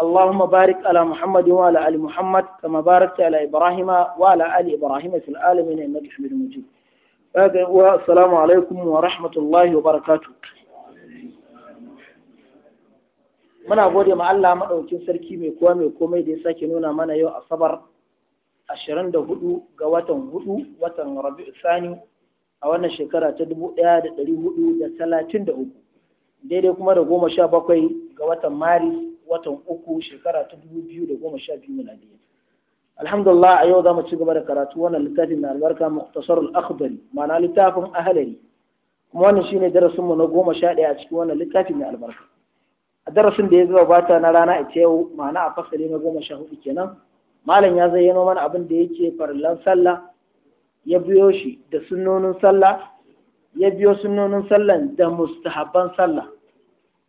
اللهم بارك على محمد وعلى آل محمد كما باركت على إبراهيم وعلى آل إبراهيم في العالمين إنك حميد مجيد والسلام عليكم ورحمة الله وبركاته muna gode ma Allah maɗaukin sarki mai kowa mai komai da ya sake nuna mana yau asabar 24 ga watan hudu watan rabi'u sani a wannan shekara ta dubu da da da uku, daidai kuma da goma sha bakwai ga watan maris watan uku shekara ta dubu biyu da goma sha biyu biyu alhamdulillah a yau za mu ci gaba da karatu wannan littafin na albarka muktasar al mana ma'ana littafin ahalari kuma wannan shine darasin mu na goma sha ɗaya a cikin wannan littafin na albarka a darasin da ya bata na rana ita yau ma'ana a fasali na goma sha hudu kenan malam ya zayyano mana abin da yake farillan sallah ya biyo shi da sunnonin sallah ya biyo sunnonin Sallah da mustahabban sallah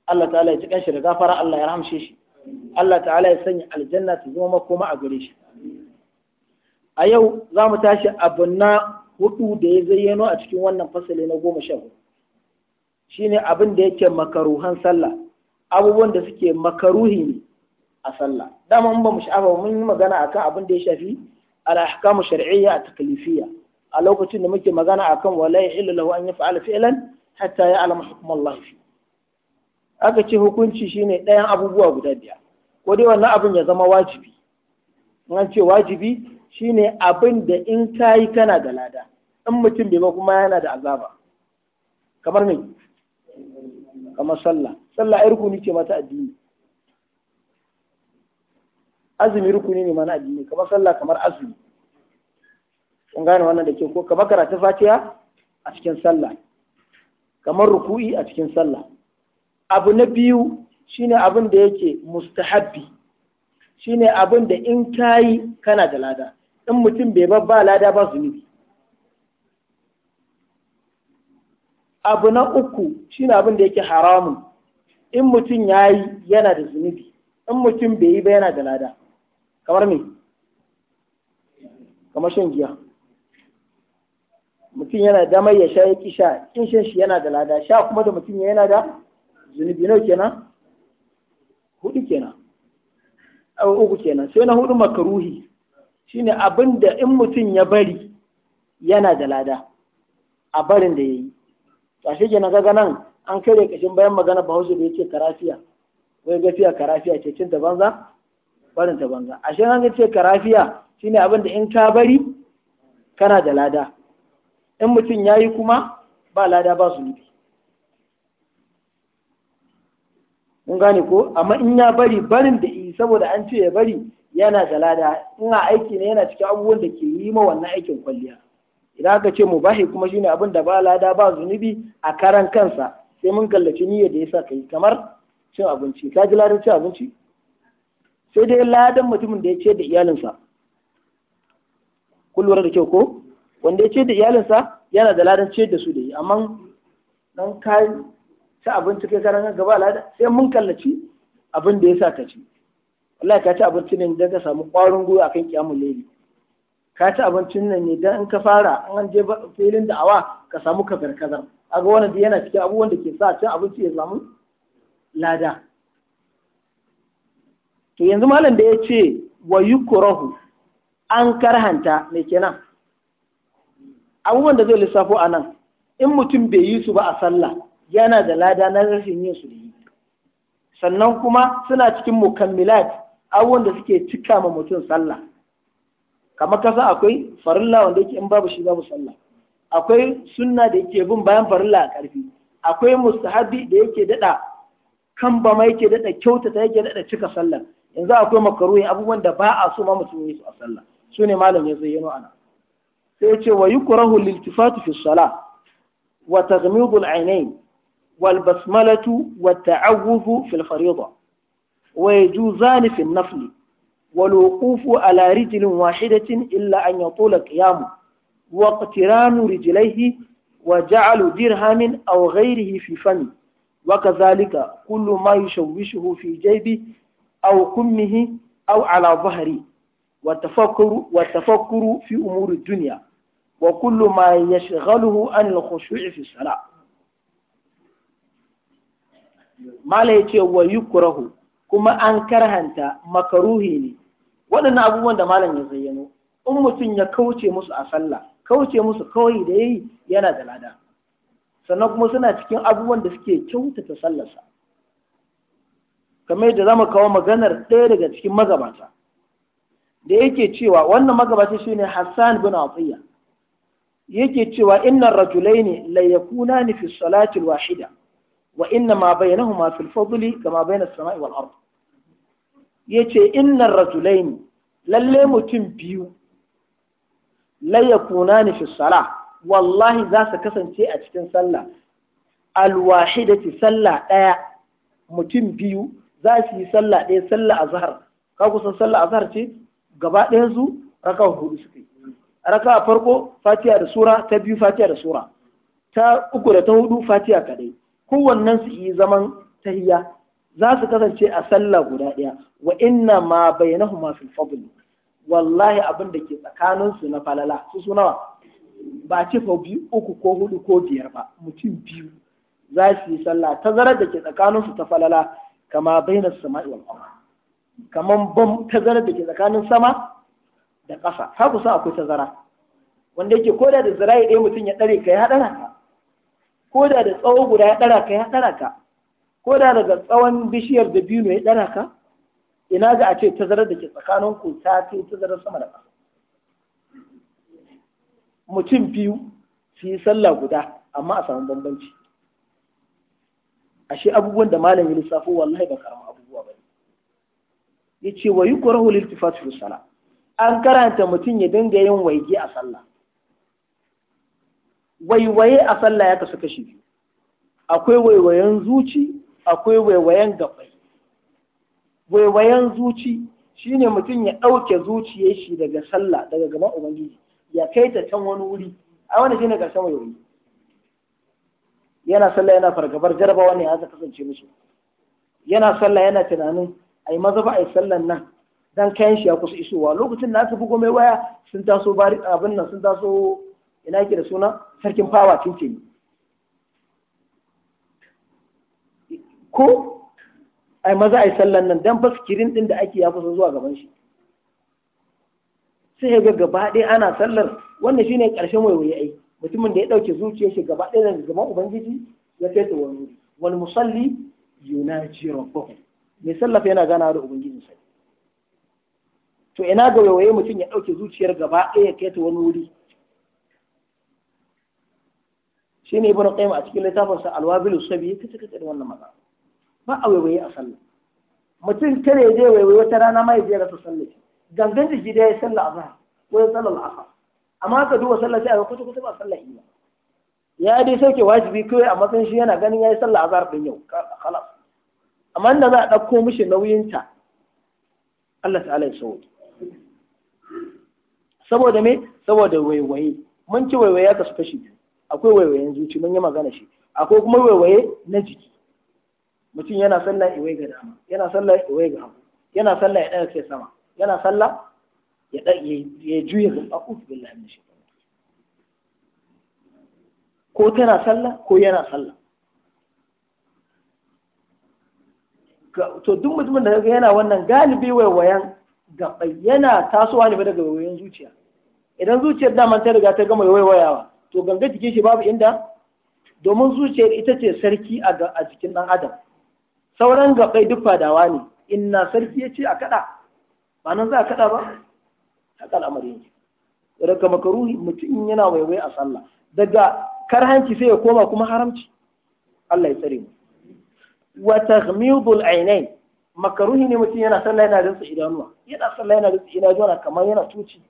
Allah ta'ala ya cikin shi da gafara Allah ya ramshe shi Allah ta'ala ya sanya aljanna ta zama makoma a gare shi a yau za mu tashi abu na hudu da ya zayyano a cikin wannan fasali na goma sha hudu shine abin da yake makaruhan sallah abubuwan da suke makaruhi ne a sallah dama mun ba mu sha'afa mun yi magana akan abin da ya shafi al-ahkamu shar'iyya a taklifiyya a lokacin da muke magana akan wala yahillu lahu an yaf'ala fi'lan hatta ya alama hukumar aka ce hukunci shine ɗayan abubuwa guda biyar ko dai wannan abin ya zama wajibi an ce wajibi shine abin da in kayi kana da lada in mutum bai ba kuma yana da azaba kamar me kamar sallah sallah ai rukuni ce mata addini azumi rukuni ne mana addini kamar sallah kamar azumi kun gane wannan da ke ko kamar karatu fatiha a cikin sallah kamar ruku'i a cikin sallah abu na biyu shine abin da yake mustahabbi shine abin da in kayi kana da lada in mutum bai babba lada ba zunubi abu na uku shine abin da yake haramun in mutum ya yi yana da zunubi in mutum bai yi ba yana da lada kamar me kamar shan giya mutum yana da damar ya sha ya ƙi sha kin shan shi yana da lada sha kuma da mutum yana da zunubi nawa kenan hudu kenan a uku kenan sai na hudu makaruhi shine abin da in mutum ya bari yana da lada a barin da ya yi to shi kenan ga nan an kare kashin bayan magana hausa da yake karafiya wai gafiya karafiya ce cin ta banza barin ta banza ashe an ce karafiya shine abin da in ka bari kana da lada in mutum ya yi kuma ba lada ba su nufi kun gane ko amma in ya bari barin da yi saboda an ce ya bari yana da lada ina aiki ne yana cikin abubuwan da ke yi ma wannan aikin kwalliya idan aka ce mu mubahi kuma shine abin da ba lada ba zunubi a karan kansa sai mun kallaci niyyar da yasa kai kamar cin abinci ka ji ladan cin abinci sai dai ladan mutumin da ya ce da iyalinsa kun da kyau ko wanda ya ce da iyalinsa yana da ladan ce da su da yi amma dan kai ci abinci kai karan ga ba lada sai mun kallaci abin da ya sa ka ci wallahi ka ci abincin ne idan ka samu ƙwarin gwiwa akan kiyamul layli ka ci abincin nan ne don in ka fara an je filin da awa ka samu kazar kazar aga wani da yana cikin abubuwan da ke sa cin abinci ya samu lada to yanzu malam da ya ce wa yukurahu an karhanta me kenan abubuwan da zai lissafo a nan in mutum bai yi su ba a sallah yana da lada na rashin yin su sannan kuma suna cikin mukammilat abubuwan da suke cika ma mutum sallah kamar kasa akwai farilla wanda yake in babu shi babu sallah akwai sunna da yake bin bayan farilla a ƙarfi akwai mustahabi da yake daɗa kan ba ma yake daɗa kyautata yake daɗa cika sallah yanzu akwai makaruhin abubuwan da ba a so ma mutum yi su a sallah su ne malam ya zayyano ana sai ya ce wa yukrahu liltifatu fi salah wa taghmidul ainain والبسملة والتعوذ في الفريضة ويجوزان في النفل والوقوف على رجل واحدة إلا أن يطول قيامه واقتران رجليه وجعل درهم أو غيره في فمه وكذلك كل ما يشوشه في جيبه أو كمه أو على ظهره والتفكر, والتفكر في أمور الدنيا وكل ما يشغله عن الخشوع في الصلاة mala yace wa yukrahu kuma an karhanta makaruhi ne waɗannan abubuwan da malam ya zayyano in mutum ya kauce musu a sallah kauce musu kawai da yayi yana da lada sannan kuma suna cikin abubuwan da suke kyautata sallarsa kamar yadda zama kawo maganar ɗaya daga cikin magabata da yake cewa wannan magabata shine Hassan bin Atiyya yake cewa innar rajulaini la yakuna fi salati wahida wa inna ma bainahuma fil fadli kama bainas sama'i wal ard yace innar rajulain lalle mutum biyu la yakunani fi salah wallahi za su kasance a cikin sallah Al-Waahida alwahidati sallah daya mutum biyu za su yi sallah daya sallah azhar ka kusan sallah azhar ce gaba ɗayan su raka hudu suka yi raka farko fatiha da sura ta biyu fatiha da sura ta uku da ta hudu fatiha kadai kowannen su yi zaman tahiya za su kasance a sallah guda ɗaya wa inna ma bainahuma fil fadl wallahi abin da ke tsakanin su na falala su suna nawa ba ce fa biyu uku ko hudu ko biyar ba mutum biyu za su yi sallah tazarar da ke tsakanin su ta falala kama baina sama'i wal ardh kaman bam tazarar da ke tsakanin sama da ƙasa har sa akwai tazara wanda yake koda da zira'i ɗaya mutum ya ɗare kai haɗara ko da da tsawo guda ya ɗara ka ya ɗara ka ko da daga tsawon bishiyar da biyu ya ɗara ka ina ga a ce tazarar da ke tsakanin ku ta ce tazarar sama da ƙasa mutum biyu su yi sallah guda amma a samu bambanci ashe abubuwan da malam ya lissafo wallahi ba karama abubuwa ba ne ya ce wa yi kurahu liltifat sala an karanta mutum ya dinga yin waige a sallah waiwaye a sallah ya kasu kashi biyu akwai waiwayen zuci akwai waiwayen gabai waiwayen zuci shine mutum ya ɗauke zuciyar shi daga sallah daga gaban ubangiji ya kai ta can wani wuri a wani shine karshen waiwayi yana sallah yana fargabar jarabawa ne ya kasance musu yana sallah yana tunanin yi maza ba yi sallan nan dan kayan shi ya kusa isowa lokacin da aka bugo mai waya sun taso abin nan sun taso ina yake da suna sarkin fawa ni ko ai maza ai sallan nan dan ba kirin din da ake ya kusa zuwa gaban shi sai ga gaba ɗaya ana sallar wannan shine ƙarshen waiwaye ai mutumin da ya ɗauke zuciyar shi gaba ɗaya daga gaban ubangiji ya kai ta wani wuri wal musalli yunaji rabbahu mai sallafa yana gana da sai to ina ga waiwaye mutum ya ɗauke zuciyar gaba ɗaya ya kai ta wani wuri shi ne ibn qayyim a cikin littafin sa alwabilu sabi ya kace kace da wannan maza ba a waiwaye a sallah mutum kare je waiwaye wata rana mai ya je rasa sallah gangan jiki da ya sallah azhar ko ya sallah al'asr amma ka duba sallah sai a kuta kuta ba sallah yi ya dai sauke wajibi kawai a matsayin shi yana ganin yayi sallah azhar din yau khalas amma inda za a dauko mishi nauyin ta Allah ta'ala ya sauke saboda me saboda waiwaye mun ci waiwaye ka su fashi akwai waiwayen zuci mun yi magana shi akwai kuma waiwaye na jiki mutum yana sallah iwai ga dama yana sallah iwai ga hagu yana sallah ya ɗaya sai sama yana sallah ya ya juya ga fi billahi min shi ko tana sallah ko yana sallah to duk mutumin da kaga yana wannan galibi waiwayen gabai yana tasowa ne daga waiwayen zuciya idan zuciyar daman ta riga ta gama waiwayawa to ganga jikin shi babu inda domin zuciyar ita ce sarki a jikin ɗan adam sauran gabai duk fadawa ne inna sarki ya ce a kaɗa ba nan za a kaɗa ba haka al'amari yake daga makaruhi mutum yana waiwai a sallah daga karhanci sai ya koma kuma haramci Allah ya tsare mu wa taghmidul ainain makaruhi ne mutum yana sallah yana rinsa idanuwa yana sallah yana rinsa idanuwa kamar yana tuci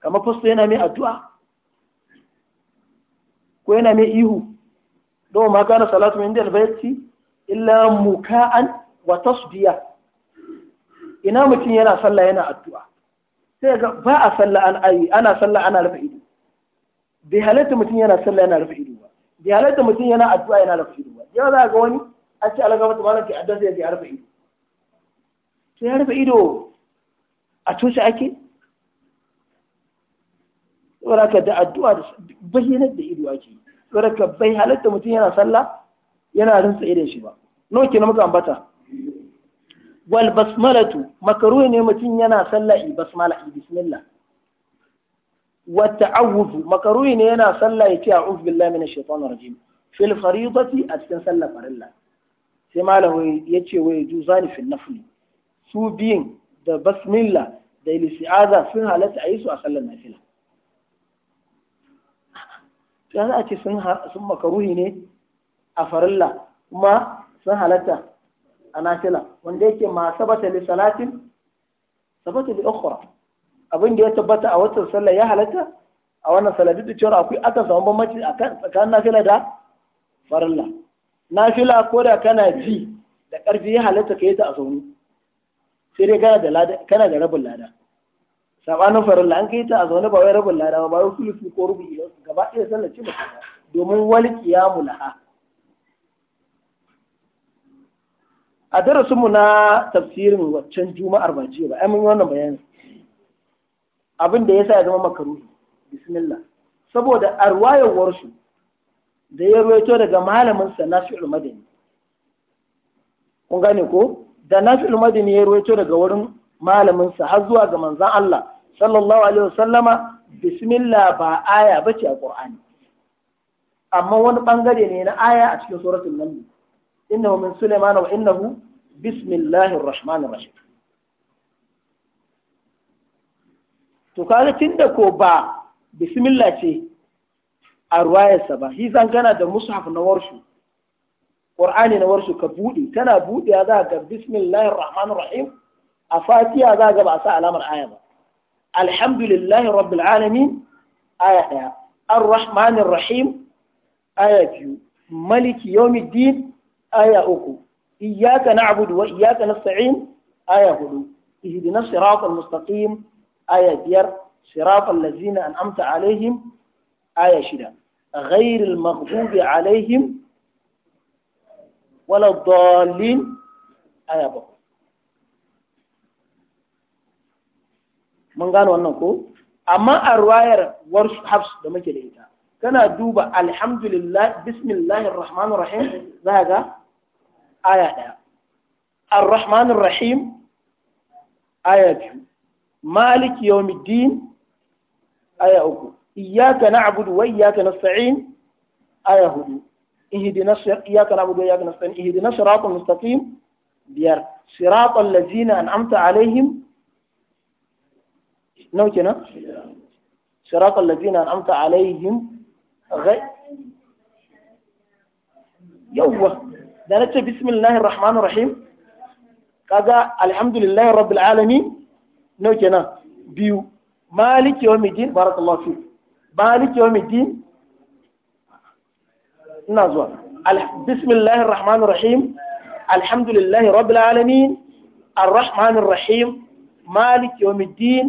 kamar fasto yana mai addu'a ko yana mai ihu don ma kana salatu min illa muka'an wa tasbiya ina mutum yana sallah yana addu'a sai ga ba a sallah an ayi ana sallah ana rufe ido bai halatta mutum yana sallah yana rufe ido halatta mutum yana addu'a yana rufe ido ba za ga wani aci ce alagaba ta malam ke addu'a sai ya rufe ido Sai ya rufe ido a tushe ake tsoraka da addu'a da bayyanar da ido ake tsoraka bai halatta mutum yana sallah yana rinsa idan shi ba nawa na muka ambata wal basmalatu makaru ne mutum yana sallah i basmala i bismillah wa ta'awudhu makaru ne yana sallah ya ce a'udhu billahi minash shaitanir rajim fil fariidati a cikin sallah farilla sai malam ya ce wai juzani fil nafli su biyin da basmillah da isti'aza sun halatta a yi su a sallar nafila ya za a ce sun makaruhi ne a farilla kuma sun halatta a nafila wanda yake ma sabata li salatin sabata li ukhra abin da ya tabbata a watan sallah ya halatta a wannan sallah duk da cewa akwai aka samu bambanci tsakanin nafila da farilla nafila ko da kana ji da ƙarfi ya halatta ka yi ta a sauni sai dai kana da rabin lada sabanin farilla an kai ta a zaune ba wai rabin lada ba wai sulusu ko rubu ila gaba ɗaya sallar ci ba domin wal mu laha a darasin mu na tafsirin waccan juma'ar ba ce ba ai mun wannan bayani abin da yasa ya zama makaruhi bismillah saboda arwayar su da ya ruwaito daga malamin sa shi Madani kun gane ko da Nafi'ul Madani ya ruwaito daga wurin malamin sa har zuwa ga manzon Allah sallallahu alaihi wasallama bismillah ba aya bace a qur'ani amma wani bangare ne na aya a cikin suratul naml innahu min sulaiman wa innahu bismillahir rahmanir rahim to kaga tunda ko ba bismillah ce a ruwayarsa ba shi zan da mushaf na warshu qur'ani na warshu ka buɗe. tana buɗe za ga bismillahir rahmanir rahim a fatiha za ga ba sa alamar aya ba الحمد لله رب العالمين آية الرحمن الرحيم آية ملك يوم الدين آية أخو إياك نعبد وإياك نستعين آية هدو اهدنا الصراط المستقيم آية دير صراط الذين أنعمت عليهم آية شدة غير المغضوب عليهم ولا الضالين آية بقى mun gano wannan ko amma a ruwayar war hafs da muke da ita kana duba alhamdulillah bismillahir rahmanir rahim za ga aya daya ar-rahmanir rahim aya biyu malik yawmiddin aya uku iyyaka na'budu wa iyyaka nasta'in aya hudu ihdina iyyaka na'budu wa iyyaka nasta'in ihdina siratal mustaqim biyar siratal ladzina an'amta alaihim نو كنا صراط الذين أنعمت عليهم غير يوه دانتش بسم الله الرحمن الرحيم كذا الحمد لله رب العالمين نو كنا بيو مالك يوم الدين بارك الله فيك مالك يوم الدين نازوا بسم الله الرحمن الرحيم الحمد لله رب العالمين الرحمن الرحيم مالك يوم الدين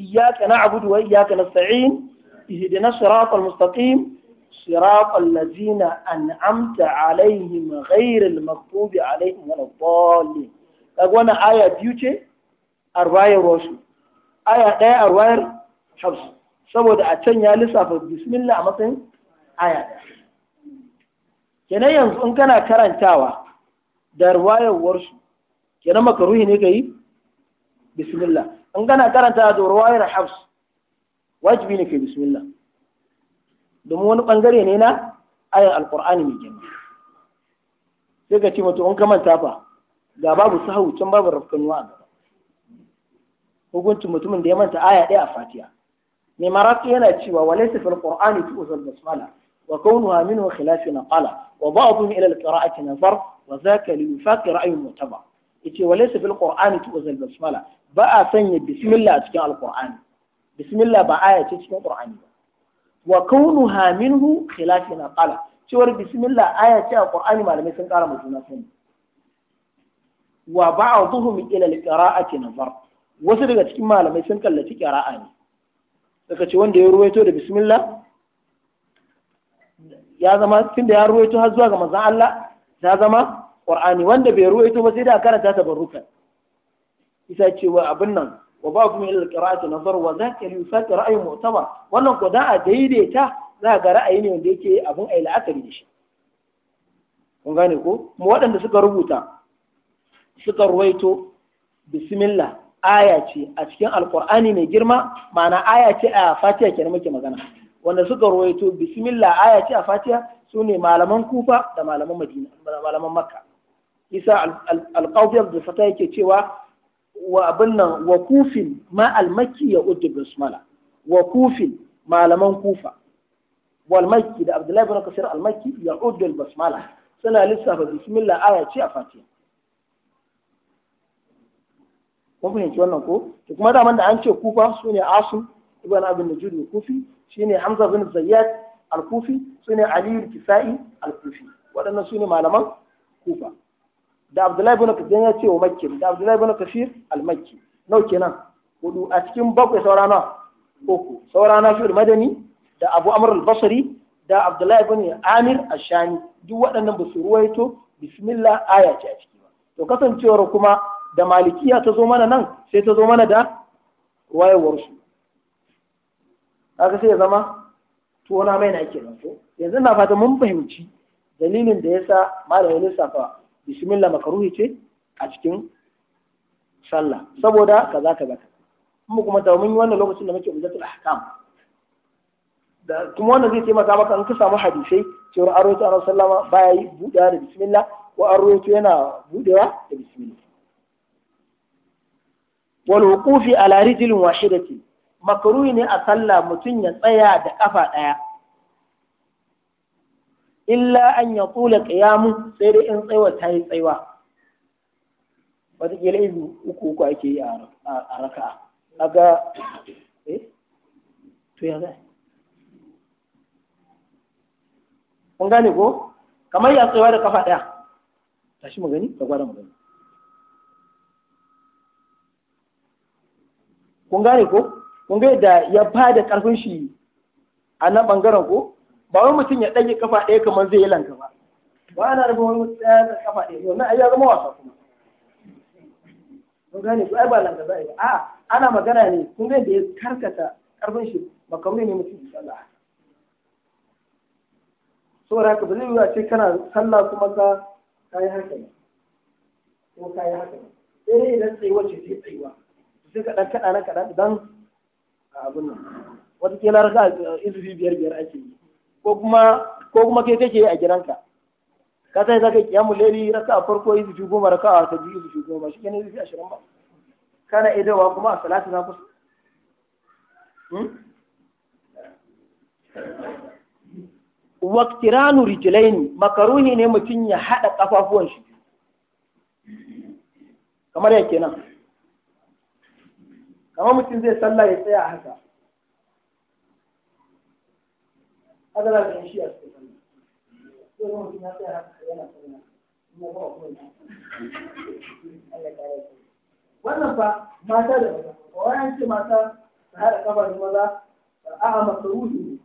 إياك نعبد وإياك نستعين اهدنا الصراط المستقيم صراط الذين أنعمت عليهم غير المغضوب عليهم ولا الضالين أقول آية بيوتي أرواية روشو آية داية أرواية حفص saboda a can ya lissafa bismillah a matsayin aya kenan yanzu in kana karantawa da ruwayar warsu kenan makaruhi ne ka yi bismillah in kana karanta da ruwayar haus. wajibi ne ke bismillah domin wani bangare ne na ayar alqur'ani mai girma sai ka ce in ka manta fa ga babu sahu can babu rafkanuwa a gaba hukuncin mutumin da ya manta aya ɗaya a Fatiya. mai maraƙi yana cewa wa laysa fil qur'ani tu'zal basmala وكونها منه خلاف نقالة وبعضهم إلى القراءة نظر وذاك ليفاق Ra'ayin, mutaba yace walaysa bil qur'ani tu'zal basmala ba a sanya bismillah a cikin alqur'ani bismillah ba aya ce cikin qur'ani ba wa kaunuha minhu khilafina qala cewar bismillah aya ce a qur'ani malamai sun kara mutuna sun wa ba'dhuhum ila al-qira'ati nazar wasu daga cikin malamai sun kallaci qira'a ne daga ce wanda ya ruwaito da bismillah ya zama tunda ya ruwaito har zuwa ga manzon Allah ya zama qur'ani wanda bai ruwaito ba sai da karanta ta barukan isa cewa abin nan wa ba kuma ilal qira'ati nazar wa zaka li fati ra'ayi mu'tabar wannan ko da a daidaita za ga ra'ayi ne wanda yake abin yi la'akari da shi kun gane ko mu waɗanda suka rubuta suka ruwaito bismillah aya ce a cikin alqur'ani mai girma ma'ana aya ce a fatiha kenan muke magana wanda suka ruwaito bismillah aya ce a fatiha su ne malaman kufa da malaman madina da malaman makka isa alƙawfiyar da fata yake cewa wa abin nan wa kufin ma almakki ya uddu basmala wa kufin malaman kufa wal makki da abdullahi bin kasir almakki ya uddu basmala suna lissafa bismillah aya ce a fatiha kun fahimci wannan ko to kuma da da an ce kufa su ne asim ibn abin da al-kufi shi ne hamza bin zayyad al-kufi sune ali al-kisai al-kufi waɗannan su ne malaman kufa da abdullahi bin kafir ya ce wa makki da abdullahi bin kafir al-makki nau kenan hudu a cikin bakwai saurana uku saurana fi madani da abu amr al-basri da abdullahi bin amir ashani duk waɗannan ba su ruwaito bismillah aya ce a ciki ba to kasancewar kuma da malikiya ta zo mana nan sai ta zo mana da ruwayewar su haka sai ya zama tuwona mai na kenan ko yanzu na fata mun fahimci dalilin da yasa malamin lissafa bismillah makaruhi ce a cikin sallah saboda kaza kaza in mu kuma ta mun yi wannan lokacin da muke umzatul ahkam da kuma wannan zai taimaka maka in ka samu hadisai cewa an rawaito annabi sallama baya yi budewa da bismillah ko an rawaito yana budewa da bismillah wal wuqufi ala rijlin wahidati makruhi ne a sallah mutum ya tsaya da kafa daya illa an ya tsula ƙiyamu sai dai in tsaiwa ta yi tsaiwa wataƙila izu uku uku ake yi a raka a ga eh? to ya zai kun gane ko kamar ya tsaiwa da kafa ɗaya tashi shi magani ka gwada magani. kun gane ko kun ga yadda ya ba da ƙarfin shi a nan ɓangaren ko ba wai mutum ya ɗage kafa ɗaya kamar zai yi lanka ba ba na raba wani ya da kafa ɗaya wannan ai ya zama wasa kuma kun gane ku ai ba lanka za a yi ba a'a ana magana ne kun gane da ya karkata ƙarfin shi kamar ne mutum insha Allah saboda haka ba zai yi a ce kana sallah kuma ka yi haka ne ko yi haka ne sai dai idan tsayuwar ce sai tsayuwa sai kaɗan kaɗan kaɗan idan a abin nan wata kila raka izufi biyar biyar ake yi ko kuma ko kuma kai kake a gidanka ka sai zaka kiyamu leli raka farko yi su goma raka ta yi su goma shi kenan a ashirin ba kana idowa kuma a salatu na kusa hmm? waktiranu rijlaini makaruhi ne mutum ya haɗa kafafuwan shi kamar yake nan kamar mutum zai sallah ya tsaya haka haka za ka shi a cikin sallah ko kuma mutum ya tsaya haka yana sallah ina ba wa kuma Allah ya wannan fa mata da maza kawai an ce mata su haɗa kafa maza a'a makaruhi ne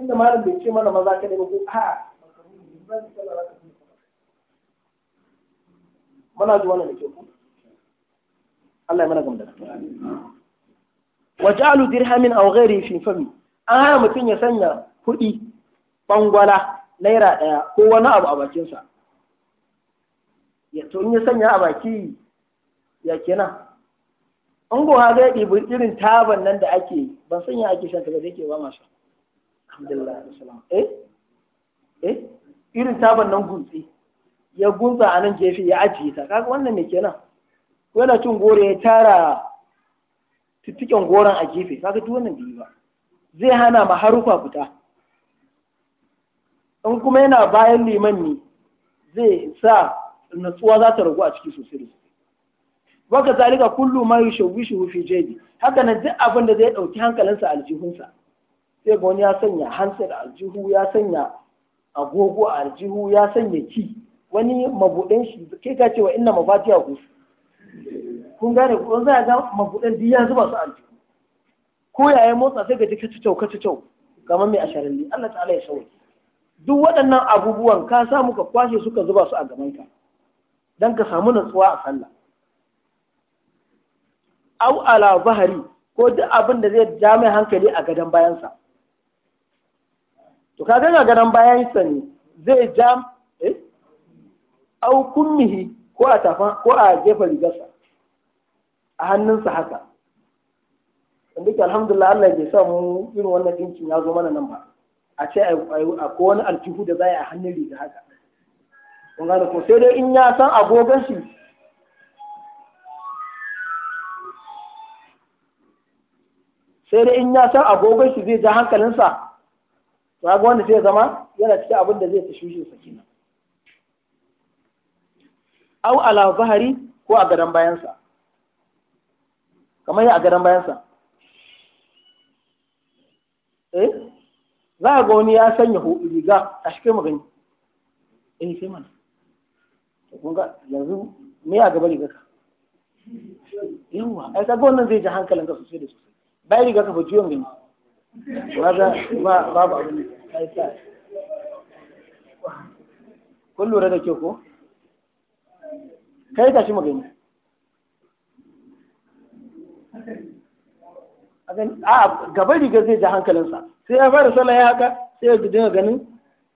inda malam bai ce mana maza kadai ba ko a'a makaruhi ne ba ni sallah za ka fi muna ji wannan da ke ku Allah ya mana gamda wa ja'alu dirhamin aw ghairi fi fami an hana mutum ya sanya kuɗi bangwala naira ɗaya ko wani abu a bakinsa ya tun ya sanya a baki ya kenan an go ha zai irin taban nan da ake ban sanya ake shan ba da yake ba masu alhamdulillah salam eh eh irin taban nan guntsi ya gunza a nan gefe ya ajiye ta kaga wannan ne kenan ko yana cin gore ya tara tuttuken goron a gefe kaga duk wannan bai ba zai hana ma harufa fita in kuma yana bayan liman ne zai sa natsuwa za ta ragu a ciki sosai da sosai waka zalika kullu ma yushawishu fi jaybi haka nan duk abin da zai dauki hankalinsa aljihunsa sai ga wani ya sanya handset aljihu ya sanya agogo a aljihu ya sanya ki wani mabudin shi kai ka cewa inna mafatiha ku kun gane ko za ga mabudin duk ya zuba su aljihu ko yaya motsa sai ga ji ka cicau ka cicau kamar mai Allah ta'ala ya sauke duk waɗannan abubuwan ka sa muka kwashe suka zuba su a gaban ka don ka samu natsuwa a sallah au ala bahari ko duk abin da zai ja mai hankali a gadon bayansa to ka ga gadon bayansa ne zai ja eh au kummihi ko a tafa ko a gefen rigarsa a hannunsa haka wanda ke alhamdulillah Allah bai sa mu irin wannan dinkin ya zo mana nan ba a ce a ko wani aljihu da za a hannun riga haka kun gane ko sai dai in ya san agogon shi sai dai in ya san agogon shi zai ja hankalinsa to ga wanda zai zama yana cikin abin da zai ta shushe sa kenan au ala zahari ko a gadon bayansa kamar ya a gadon bayansa eh za a ga wani ya sanya riga a shi kai magani eh sai mana kun ga yanzu me a gaba riga ka yawa ai ka ga wannan zai ji hankalinka sosai da sosai bayan riga ka fa ciwon gani maza ba babu abin da yi sa'a. kun lura da ke ko kai shi magani a gaba riga zai ji hankalinsa sai ya fara sallah ya haka sai ya dinga ganin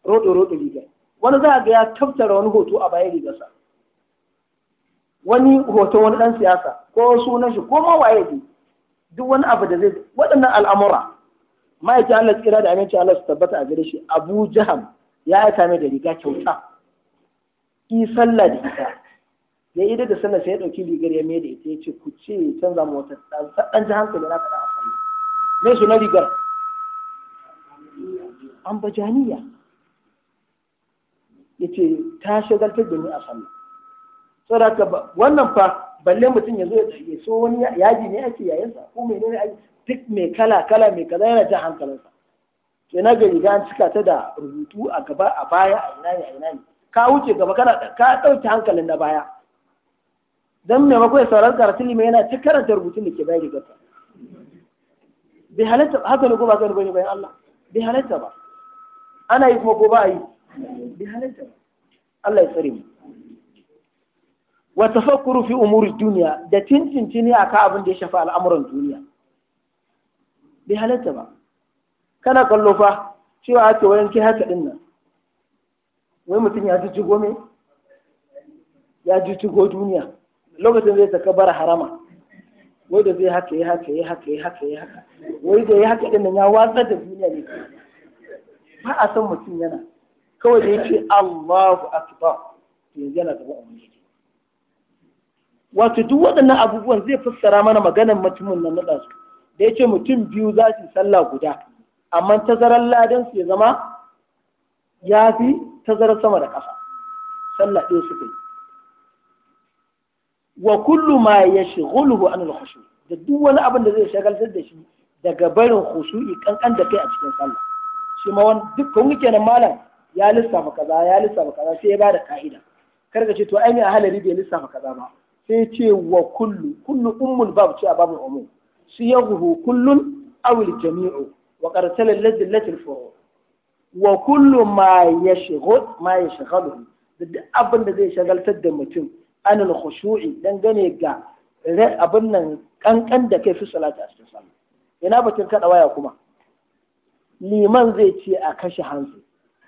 roɗo roɗo riga wani za ga ya tabtara wani hoto a bayan rigarsa wani hoto wani ɗan siyasa ko sunan shi ko ma waye ne duk wani abu da zai waɗannan al'amura ma'aikin Allah tsira da aminci Allah su tabbata a gare shi Abu Jaham ya yi mai da riga kyauta i sallah da ita ya yi da sallah sai ya ɗauki rigar ya mai da ita ya ce ku ce canza mota ɗan ji hankali na kaɗa a sallah me su na rigar ambajaniya ce ta shagaltar da ni a sallah saboda wannan fa balle mutum ya zo ya so wani yaji ne ake yayinsa ko nuna ake duk mai kala kala mai kaza yana jan hankalinsa kenan ga riga an cika ta da rubutu a gaba a baya a ina ne a ina ne ka wuce gaba kana ka ɗauki hankalin na baya dan me ya saurar karatun limai yana ta karanta rubutun da ke bayar da gaba bai halatta haka ne ko ba zan bane bayan Allah bai halatta ba ana yi kuma ko ba a yi Allah ya tsare mu wa tafakkuru fi umuri duniya da ne aka abin da ya shafa al'amuran duniya bi halatta ba kana kallo fa cewa ake wayan ke haka din nan wai mutum ya jijjigo me ya jijjigo duniya lokacin zai saka bara harama wai da zai haka ya haka ya haka ya haka ya haka wai da ya haka din nan ya watsar da duniya ne ba a san mutum yana kawai da yake Allahu akbar to yanzu yana gaban ubangiji wato duk waɗannan abubuwan zai fassara mana maganar mutumin nan na ɗansu da ya mutum biyu za su sallah guda amma tazarar ladan su ya zama ya fi tazarar sama da ƙasa sallah ɗaya suka yi wa kullu ma ya an al da duk wani abin da zai shagaltar da shi daga barin khushu'i kankan da kai a cikin sallah shi ma wani dukkan muke nan malam ya lissafa kaza ya lissafa kaza sai ya ba da ka'ida kar ka ce to ai me a halari bai lissafa kaza ba sai ce wa kullu kullu ummul bab ce a babul umum siyaghu kullun aw al jami'u wa qarsala ladillati al furu wa kullu ma yashghal ma yashghalu duk abin da zai shagaltar da mutum an al khushu'i dangane ga abin nan kankan da kai fi salata a cikin sallah ina batun kada waya kuma liman zai ce a kashe hansu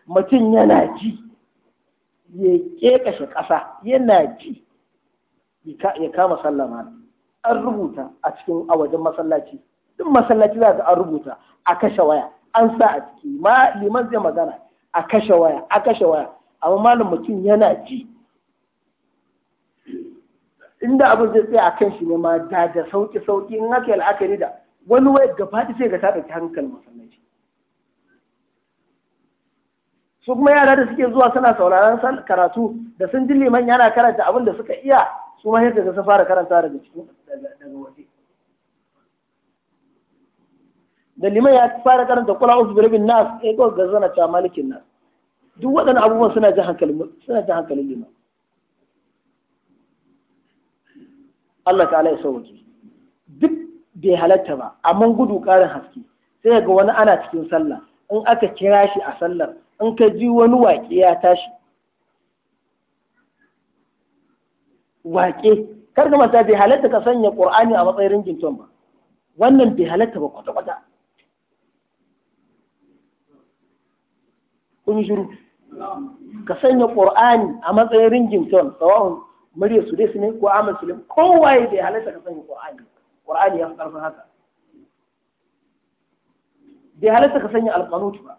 mutum yana ji ya kashe ƙasa yana ji ya kama sallama an rubuta a cikin awajen masallaci duk masallaci za ga an rubuta a kashe waya an sa a ciki ma liman zai magana a kashe waya a kashe waya amma malam mutum yana ji inda abin zai tsaya a kan shi ne ma da da sauƙi-sauƙi. in haka la'akari da wani waya gaba sai ga ta ɗauki hankalin masallaci su kuma yara da suke zuwa suna sauraron karatu da sun ji liman yana karanta abin da suka iya su ma yadda sun fara karanta daga cikin waje da liman ya fara karanta kula usu birabin nas ya eh, kawai gazana na ta malikin nas duk waɗannan abubuwan suna ji hankalin suna ji hankalin liman Allah ta'ala ya waje. duk bai halatta ba amma gudu ƙarin haske sai ga wani ana cikin sallah in aka kira shi a sallar in ka ji wani waƙe ya tashi waƙe kar ka manta bai halatta ka sanya ƙur'ani a matsayin ringin ton ba wannan bai halatta ba kwata-kwata kun shiru ka sanya ƙur'ani a matsayin ringin ton tsawon muryar su dai su ne ko amin su kowaye bai halatta ka sanya ƙur'ani ƙur'ani ya fi ƙarfin haka bai halatta ka sanya alƙanutu ba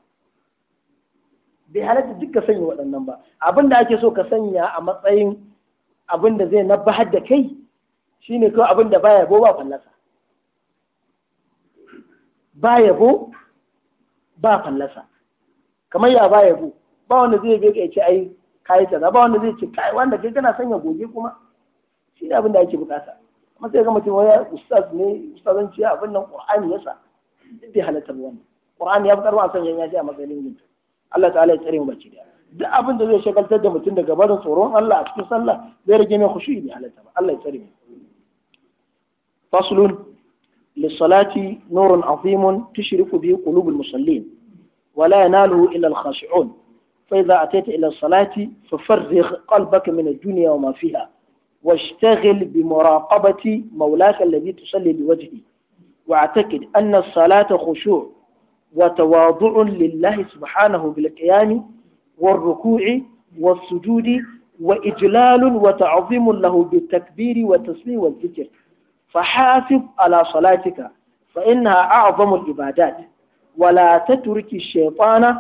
bai halatta duk ka sanya waɗannan ba abin da ake so ka sanya a matsayin abin da zai bahar da kai shine kawai abin da baya yabo ba fallasa ba yabo ba fallasa kamar ya ba yabo ba wanda zai bai kai ce ai kai ta ba wanda zai ce kai wanda kai kana sanya goge kuma shi ne abin da ake bukata amma sai ga mutum wani ustaz ne ustazanci abin nan qur'ani yasa bai halatta wannan qur'ani ya fi karwa sanya ya ji a matsayin gintu Allah ta'ala ya tsare mu baki daya duk abin da zai shagaltar da mutum daga barin tsoron Allah a cikin sallah zai rage mai khushu'i ne halatta ba Allah ya tsare mu faslun lisalati nurun azimun tushriku bihi qulubul musallin ولا يناله إلا الخاشعون فإذا أتيت إلى الصلاة ففرغ bi من الدنيا ma فيها واشتغل بمراقبة مولاك الذي تصلي لوجهه واعتقد أن الصلاة خشوع وتواضع لله سبحانه بالقيام والركوع والسجود وإجلال وتعظيم له بالتكبير والتسليم والذكر فحافظ على صلاتك فإنها أعظم العبادات ولا تترك الشيطان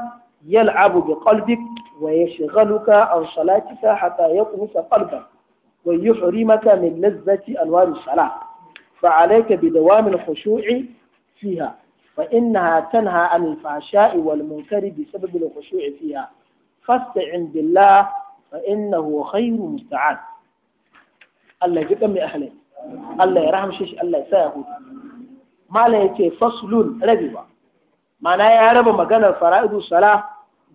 يلعب بقلبك ويشغلك عن صلاتك حتى يطمس قلبك ويحرمك من لذة أنوار الصلاة فعليك بدوام الخشوع فيها فإنها تنهى عن الفحشاء والمنكر بسبب الخشوع فيها فاستعن بالله فإنه خير مستعان الله يجب من أهله الله يرحم شيش الله يساهد ما لا يتي فصل ربيبا ما لا يعرف مغانا الفرائض الصلاة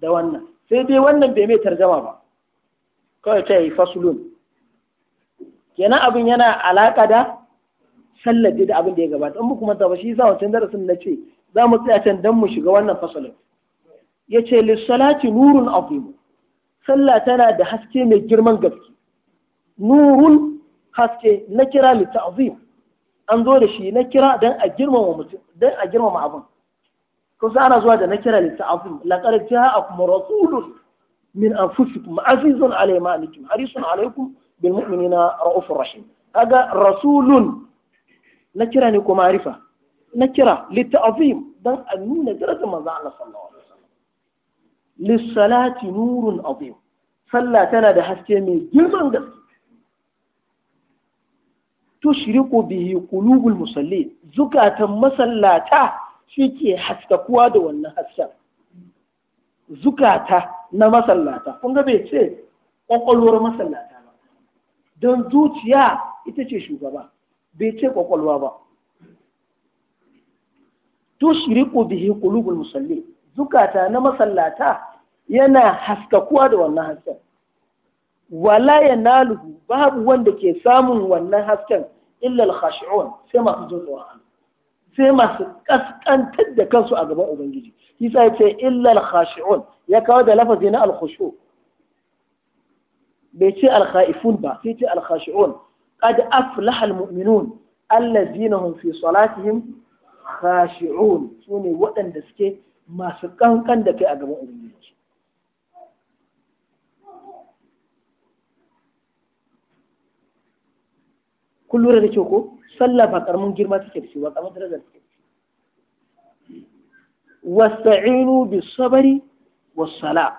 دوانا سيدي وانا بيمي ترجمة با كوي تي فصل كينا أبن ينا علاقة ده sallabe da abin da ya gabata in muku manta ba shi yasa wancan darasin na ce za mu tsaya can dan mu shiga wannan fasalin ya ce lissalati nurun azim sallah tana da haske mai girman gaske nurun haske na kira litta'zim an zo da shi na kira don a girmama mutum don a girmama abin kusa ana zuwa da na kira jiha a kuma rasulun min anfusikum azizun alayhi ma harisun alaykum bil mu'minina ra'ufur rahim kaga rasulun nakira ne ko ma'arifa nakira litazim dan a nuna darajar manzo Allah sallallahu alaihi wasallam lissalati nurun azim sallah tana da haske mai girman gaske tushriku bihi qulubul musallin zukatan masallata shike haskakuwa da wannan hasken zukata na masallata kun ga bai ce kwakwalwar masallata ba don zuciya ita ce shugaba bai ce kwakwalwa ba tushriqu bihi kulubul musalli zukata na masallata yana haskakuwa da wannan hasken wala yanaluhu babu wanda ke samun wannan hasken illal khashiun sai masu jin tsoron sai masu kaskantar da kansu a gaban ubangiji isa ya ce illal khashiun ya kawo da lafazi na al-khushu bai ce al-khaifun ba sai ce al-khashi'un قد أفلح المؤمنون الذين هم في صلاتهم خاشعون سوني وطن دسكي ما سكان كان دكي أقام أبنجي كل ورد شوكو صلى فقر من جرما تكبسي وقام ترزل واستعينوا بالصبر والصلاة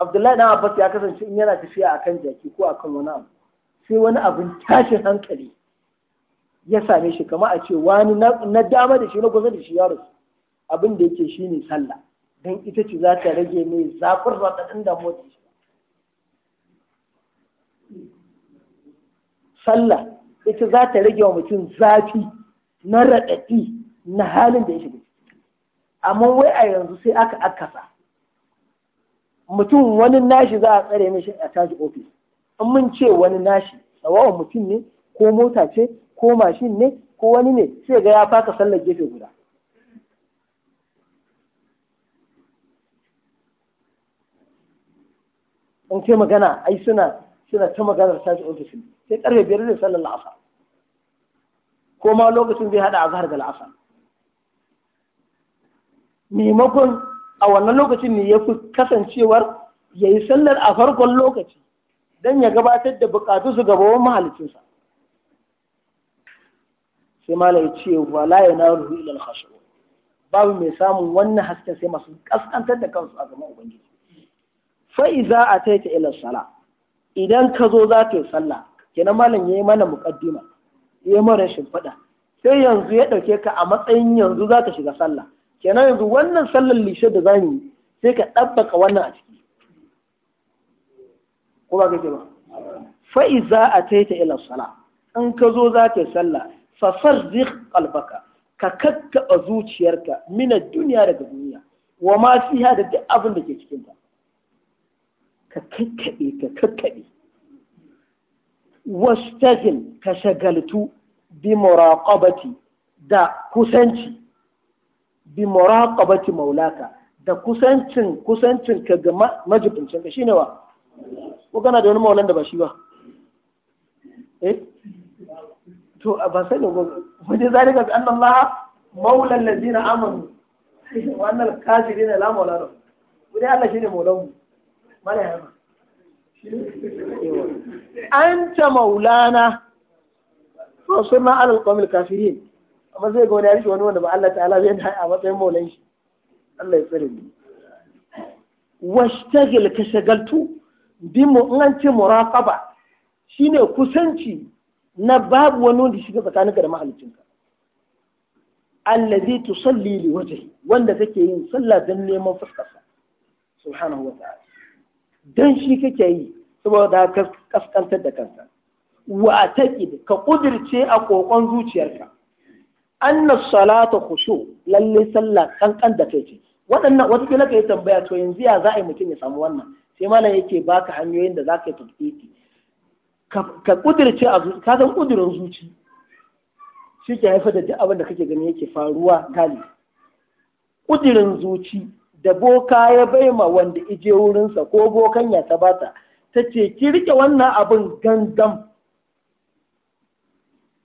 Abdullahi na Abbas ya kasance in yana tafiya akan jaki ko akan wani abu sai wani abin tashin hankali ya same shi kama a ce wani na dama da shi na kusa da shi ya abin da yake shi ne sallah don ita ce za ta rage mai zafin raɗaɗin da motsi shi sallah ita za ta rage wa mutum zafi na raɗaɗi na halin da ya shiga amma wai a yanzu sai aka akasa mutum wani nashi za a tsare mai shi a tashi ofis in mun ce wani nashi tsawon mutum ne ko mota ce ko mashin ne ko wani ne sai ga ya faka sallar gefe guda in kai magana ai suna suna ta maganar tashi ofis sai karfe biyar da sallar la'asa ko ma lokacin zai hada azhar da la'asa maimakon a wannan lokacin ne ya fi kasancewar ya yi sallar a farkon lokaci don ya gabatar da bukatu su gabawan mahalicinsa sai malam ya ce la ya na ruhu ilal khashu babu mai samun wannan hasken sai masu kaskantar da kansu a gaban ubangiji fa iza ataita ila sala idan ka zo za ka yi sallah kenan malam yayi mana muqaddima yayi mana shimfiɗa sai yanzu ya ɗauke ka a matsayin yanzu za ka shiga sallah kenan yanzu wannan sallar lishe da zamu yi sai ka ɗabbaka wannan a ciki ko ba kake ba fa iza ataita ila sala in ka zo za ka sallah fa farzik qalbaka ka kakkaɓa zuciyarka min duniya daga duniya wa ma fiha da duk abin da ke cikin ta ka kakkabe ka kakkabe wastazin ka shagaltu bi muraqabati da kusanci bi muraqabati maulaka da kusancin kusancin ka ga majibincin ka shine wa ko kana da wani maulan da ba shi ba eh to ba sai ko je zai ga anna Allah maula allazina amanu Wannan kafirin ne la maula lahum dai Allah shine maulan mu mala yana anta maulana fa sunna ala al-qawmil kafirin amma zai ga wani ya rishi wani wanda ba Allah ta'ala zai da a matsayin maulan shi Allah ya tsare ni washtagil ka shagaltu bi in muraqaba shine kusanci na babu wani wanda shiga tsakaninka da mahaliccinka allazi tusalli li wajhi wanda kake yin sallah dan neman fuskarsa subhanahu wa ta'ala dan shi kake yi saboda ka kaskantar da kanka wa taqid ka kudirce a kokon zuciyarka anna salata khushu lalle sallah kankan da kai ce waɗannan wata kila kai tambaya to yanzu ya za a yi mutum ya samu wannan sai malam yake baka hanyoyin da zaka yi tafiye ka kudirce a zuci ka san kudirin zuci shi ke haifar da duk abin da kake gani yake faruwa tali kudirin zuci da boka ya baima wanda ije wurinsa ko bokan ya bata. ta ce ki rike wannan abin gangan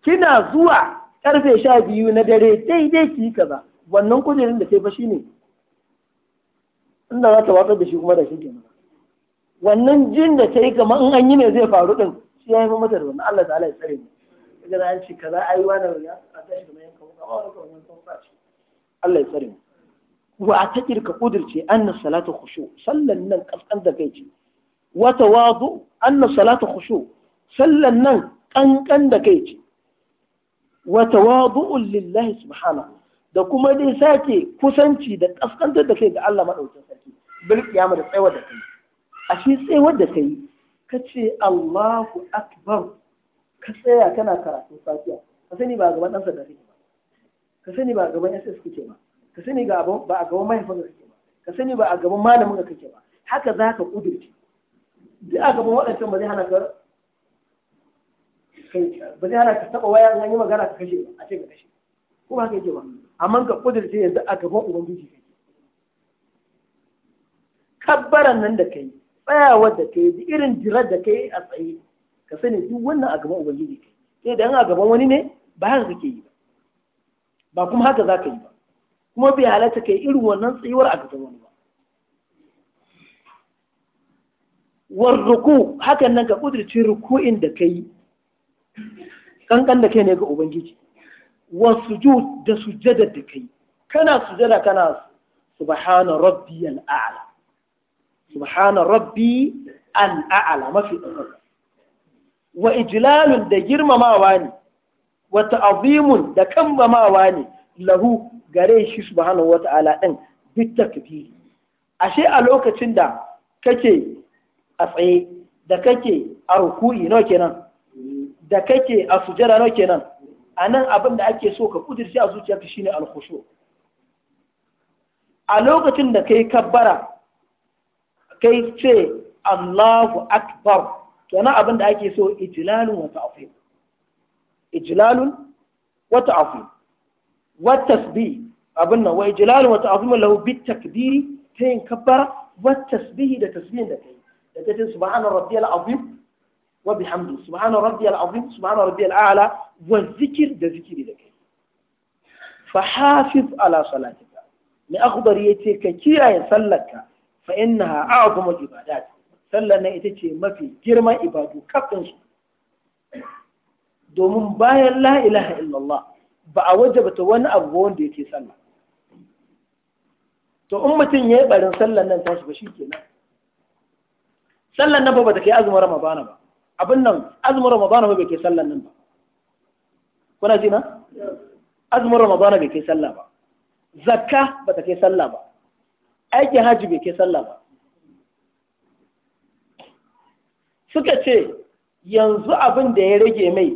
kina zuwa karfe sha biyu na dare daidai ki yi kaza wannan kudirin da sai fa ne. inda za ta watsar da shi kuma da shi kenan wannan jin da ta yi kamar in an yi ne zai faru din shi ya haifar mata da wannan Allah ta'ala ya tsare mu kaga an ce kaza ayi wani riya a tashi kamar yanka wuka ba wani kamar yanka ce Allah ya tsare mu wa a atakir ka kudirce anna salatu khushu sallan nan kaskan da kai ce wa tawadu anna salatu khushu sallan nan kankan da kai ce wa tawadu'un lillahi subhanahu da kuma dai sake kusanci da kaskantar da kai ga Allah madaukakin sarki bil kiyama da tsayawar da kai Ashi sai wanda ka yi ka ce Allahu Akbar ka tsaya kana karatun safiya ka sani ba a gaban ɗansa da kake ba ka sani ba a gaban SS kake ba ka sani ba a gaban mahaifin kake ba ka sani ba a gaban malamin kake ba haka za ka ƙudurce duk a gaban waɗancan ba zai hana ka ba zai hana ka taɓa waya an yi magana ka kashe a ce ka kashe ko haka yake ba amma ka ƙudurce yanzu a gaban ubangiji kake kabbaran nan da ka yi tsayawar da kai yi irin jirar da yi a tsaye ka sani duk wannan a gaban ubangiji yi. sai da a gaban wani ne ba haka kake yi ba ba kuma haka za ka yi ba kuma bai halatta yi irin wannan tsayuwar a gaban wani ba warruku hakan nan ka kudurci ruku'in da yi. kankan da kai ne ga ubangiji suju da sujjadar da kai kana sujjada kana subhana rabbiyal a'la subhana rabbi an ijlalun da girmamawa ne wa ta'azimun da kambamawa ne lahu gare shi subhanahu wata'ala din duk takbiri ashe a lokacin da kake a tsaye da kake a ruku'i nawa kenan da kake a sujjada nawa kenan anan abin da ake so ka kudirce a zuciyarka shine al-khushu' a lokacin da kai kabbara kai ce Allahu akbar to na abin da ake so ijlalun wa ta'fif ijlalun wa ta'fif wa tasbih abin nan wa wata wa ta'fif lahu bit takbiri ta yin kabbara wa tasbih da tasbihin da kai da kace subhana rabbiyal azim wa bihamdi subhana rabbiyal azim subhana rabbiyal a'la wa zikir da zikiri da kai fa hafiz ala salatika ni akhdari yace ka kiyaye sallarka fa innaha a'zamul ibadat sallar nan ita ce mafi girma ibadu kafin su domin bayan la ilaha illallah ba a wajabta wani abu wanda yake sallah to in mutum barin sallar nan tashi ba shi kenan sallar nan ba ba ta kai azumin ramadana ba abin nan azumar ramadana ba bai kai sallar nan ba kuna ji na azumin ramadana bai kai sallah ba zakka ba ta kai sallah ba aikin hajji bai kai sallah ba suka ce yanzu abin da ya rage mai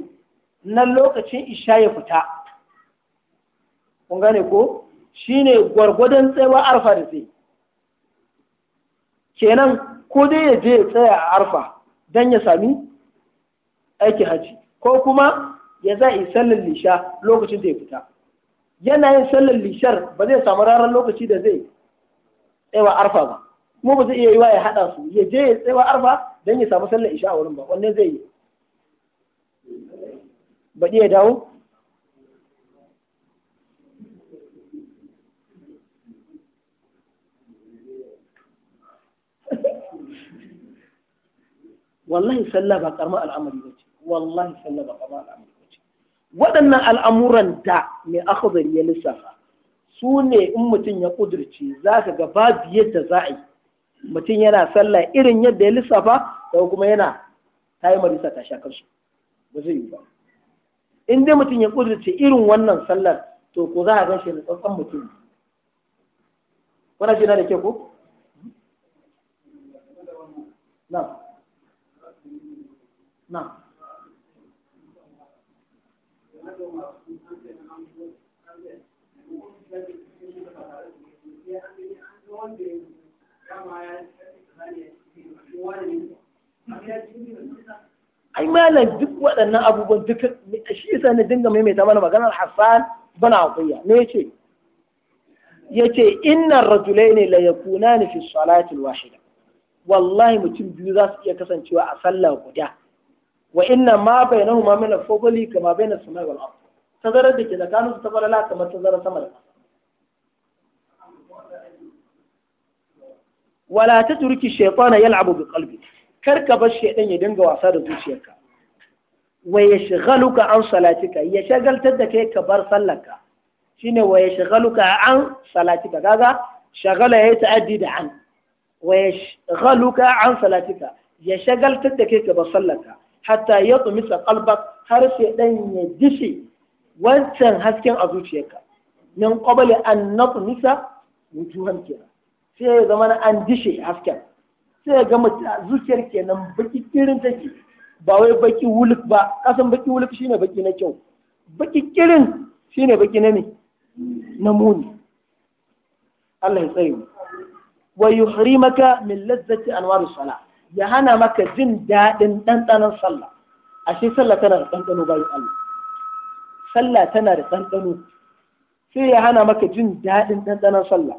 na lokacin isha ya fita kun gane ko ne gwargwadon tsayawa arfa da sai kenan ko dai ya je ya tsaya a arfa don ya sami aikin hajji ko kuma ya za yi sallar lisha lokacin da ya fita yana yin sallar lishar ba zai samu ranar lokaci da zai tsayawa arfa ba kuma ba zai iya yi yiwa ya haɗa su ya je ya tsayawa arfa don ya samu sallar isha a wurin ba wannan zai yi baɗi ya dawo wallahi sallah ba karma al'amari ba ce wallahi sallah ba karma al'amari ba ce waɗannan al'amuran da mai akhbar ya lissafa su ne in mutum ya ƙudurci za ka ga babu yadda za a yi mutum yana sallah irin yadda ya lissafa da kuma yana taimari marisa ta shakar su ba zai yi ba in dai mutum ya ƙudurci irin wannan sallar to ko za a gan shi da tsantsan mutum wannan shi na da ke ko na na ai malam duk waɗannan abubuwan duk shi yasa na dinga maimaita mana maganar Hassan bana akuya me yace yace innar rajulaini la yakunani fi salati wahida wallahi mutum biyu za su iya kasancewa a sallah guda wa inna ma bainahuma min al-fadli kama bainas samai wal ard tazarar da ke tsakanin la ta falala kamar tazarar sama da ƙasa wala ta turki shaitana yal'abu bi qalbi kar ka bar shaitan ya dinga wasa da zuciyarka wa yashghaluka an salatika ya shagaltar da kai ka bar sallarka shine wa yashghaluka an salatika kaga shagala ya ta'addi da an wa yashghaluka an salatika ya shagaltar da kai ka bar sallarka ya har ya wancan hasken a zuciyarka min qabli an sai ya zama na an dishe hasken sai ya gama zuciyar kenan baki kirin take ba wai baki wuluk ba kasan baki wuluk shine baki na kyau baki kirin shine baki na ne na muni Allah ya tsaye wa yuhrimaka min lazzati anwar sala ya hana maka jin dadin dandanon sallah ashe sallah tana da dandano bayan Allah sallah tana da dandano sai ya hana maka jin dadin dandanon sallah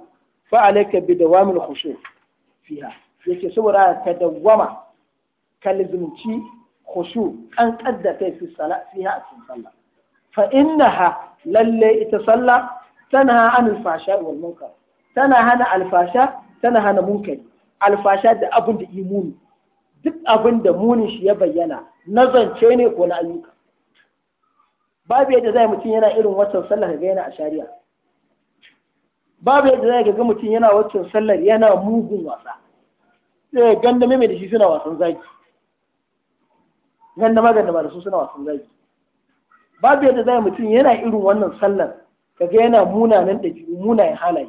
fa alayka bi dawamil khushu fiha yake saboda ka dawama ka lazimci khushu an kadda kai fi sala a cikin sallah fa innaha lalle ita sallah tana anil fasha wal munkar tana hana alfasha tana hana munkari alfasha da abin da imuni duk abin da munin shi ya bayyana nazance ne ko na ayyuka babu yadda zai mutum yana irin watan sallah ga yana a shari'a babu yadda za ka ga mutum yana waccan sallar yana mugun wasa sai eh, ganda mai da shi suna wasan zaki ganda maganda ba da su suna wasan zaki babu yadda za mutum yana irin wannan sallar kaga yana munanan da ɗabi'u munayen halaye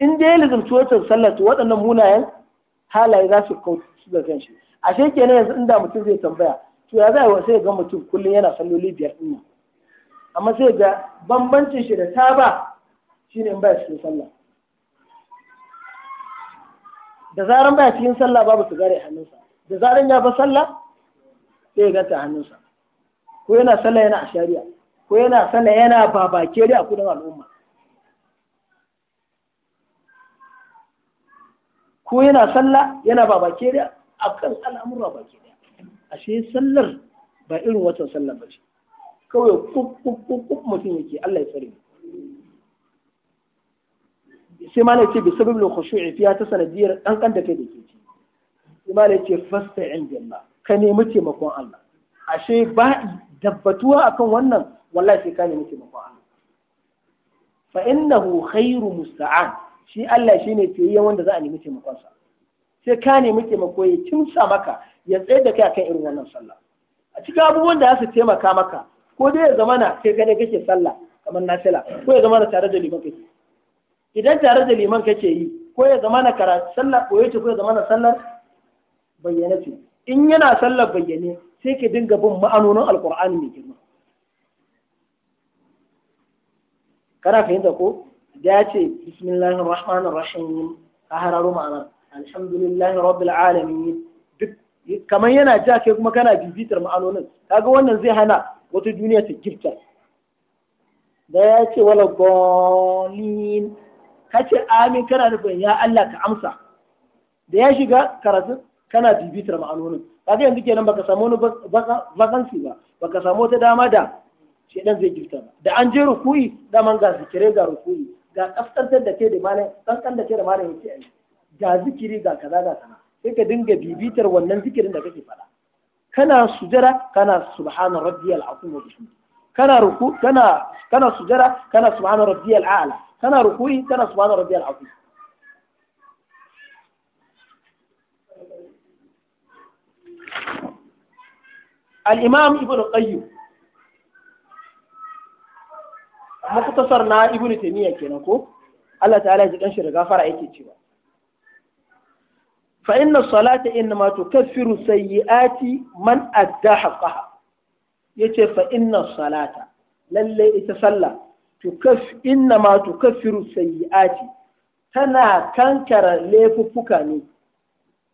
in dai ya lizarci waccan sallar to waɗannan munayen halaye za su su da kanshi ashe kenan yanzu inda mutum zai tambaya to ya za a yi sai ga mutum kullum yana salloli biyar ɗin amma sai ga bambancin shi da ta ba shine in baya cikin sallah da zaran baya cikin sallah babu su a hannunsa da zaran ya ba sallah sai ya ganta a hannunsa ko yana sallah yana a shari'a ko yana sallah yana ba dai a kudin al'umma ko yana sallah yana babake dai a kan al'amura baki dai ashe sallar ba irin watan sallar ba ce kawai kuk kuk kuk mutum yake Allah ya tsare mu sai ma ce bi sababin khushu'i fiya ta sanadiyar ɗanɗan da kai da ke ci sai ma ce fasta'in billah ka nemi taimakon Allah ashe ba dabbatuwa akan wannan wallahi sai ka nemi taimakon Allah fa innahu khairu musta'an shi Allah shine fiyayyen wanda za a nemi taimakon sa sai ka nemi taimako ya kimsa maka ya tsayar da kai akan irin wannan sallah a cikin abubuwan da za su taimaka maka ko dai ya zamana kai kadai kake sallah kamar nafila ko ya zamana tare da liman kake idan tare da liman kake yi ko ya zama na karatu sallar ɓoye ce ko ya zama na sallar bayyane ce in yana sallar bayyane sai ki dinga bin ma'anonin alkur'ani mai girma kana fahimta ko da ya ce bismillahir rahmanir rahim ka hararo ma'anar alhamdulillahi rabbil alamin duk kamar yana ja kai kuma kana bibitar ma'anonin kaga wannan zai hana wata duniya ta girta da ya ce wala golin kace amin kana nufin ya Allah ka amsa da ya shiga karatu kana bibitar ma'anonin zai yanzu kenan baka samu wani vacancy ba baka samu wata dama da shedan zai gifta ba da an je rukuyi daman ga zikire ga rukuyi ga kaskantar da ke da malam kaskan da ke da malam yake yi ga zikiri ga kaza ga kana sai ka dinga bibitar wannan zikirin da kake faɗa kana sujara kana subhana rabbiyal azim wa bihamdi kana ruku kana kana sujara kana subhana rabbiyal a'la tana ruku'i kana subhana rabbiyal azim al-imam ibnu muktasar na ibnu taymiya kenan ko Allah ta'ala ya ji kanshi da gafara yake cewa fa inna salata innama tukaffiru sayyi'ati man adda qaha yace fa inna salata lalle ita sallah innama tukaffiru sayyi'ati tana kankara laifuffuka ne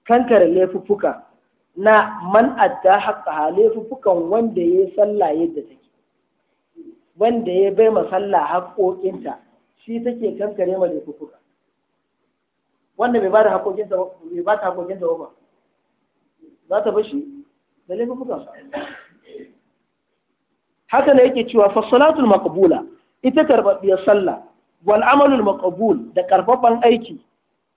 kankara laifuffuka na man adda haqqaha laifuffukan wanda ya sallah yadda take wanda ya bai ma sallah haƙoƙinta shi take kankare ma laifuffuka wanda bai bada haƙoƙinta bai ba ta haƙoƙinta ba za ta bashi da laifuffukan haka ne yake cewa fa salatul maqbula ita karɓaɓɓiyar sallah wal amalul maqbul da karɓaɓɓen aiki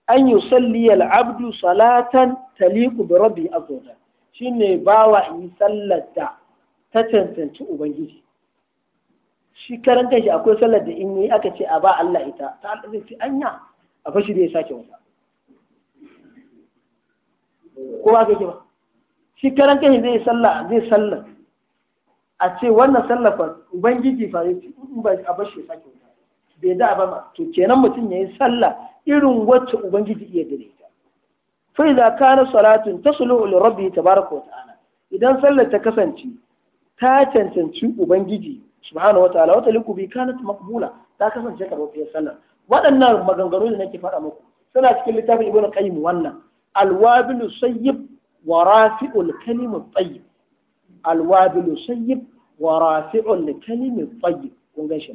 an yi salli abdu salatan taliku bi rabbi azza shine bawa yi sallar da ta cancanci ubangiji shi karan kanshi akwai sallar da in yi aka ce a ba Allah ita ta zai ce anya a fashi da ya sake wata ko ba kake ba shi karan kanshi zai sallah zai sallar a ce wannan sallafar ubangiji fa ya in ba a bashi ya sake wuta bai da ba ma to kenan mutum ya yi sallah irin wacce ubangiji iya gare ta fa idza kana salatun tasluhu li rabbi tabaraka wa ta'ala idan sallar ta kasance ta cancanci ubangiji subhanahu wa ta'ala wata bi kanat maqbula ta kasance karɓar sallar waɗannan maganganu da nake faɗa muku suna cikin littafin ibnu qayyim wannan alwabilu sayyib wa rafi'ul Kalima tayyib alwabilu sayyib wa rafi'un li kalimin tayyib kun gan shi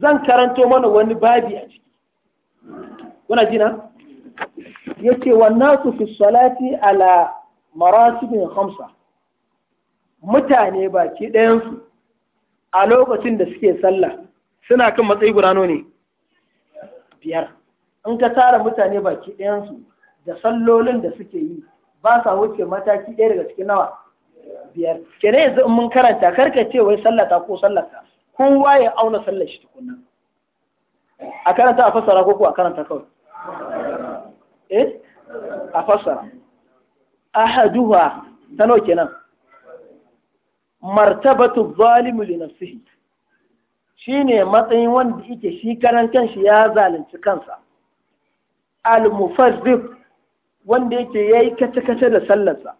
zan karanto mana wani babi a ciki kuna jina yace wannan nasu fi salati ala maratibin khamsa mutane baki ɗayan su a lokacin da suke sallah suna kan matsayi gurano ne biyar in ka tara mutane baki ɗayansu da sallolin da suke yi ba sa wuce mataki ɗaya daga cikin nawa biyar kenan yanzu in mun karanta karka ce wai sallata ko sallata kowa ya auna sallar shi tukunna a karanta a fassara ko ko a karanta kawai eh a fassara ahaduha ta nawa kenan martabatu zalimu li nafsihi shine matsayin wanda yake shi karan kanshi ya zalunci kansa al mufarriq wanda yake yayi kace kace da sallarsa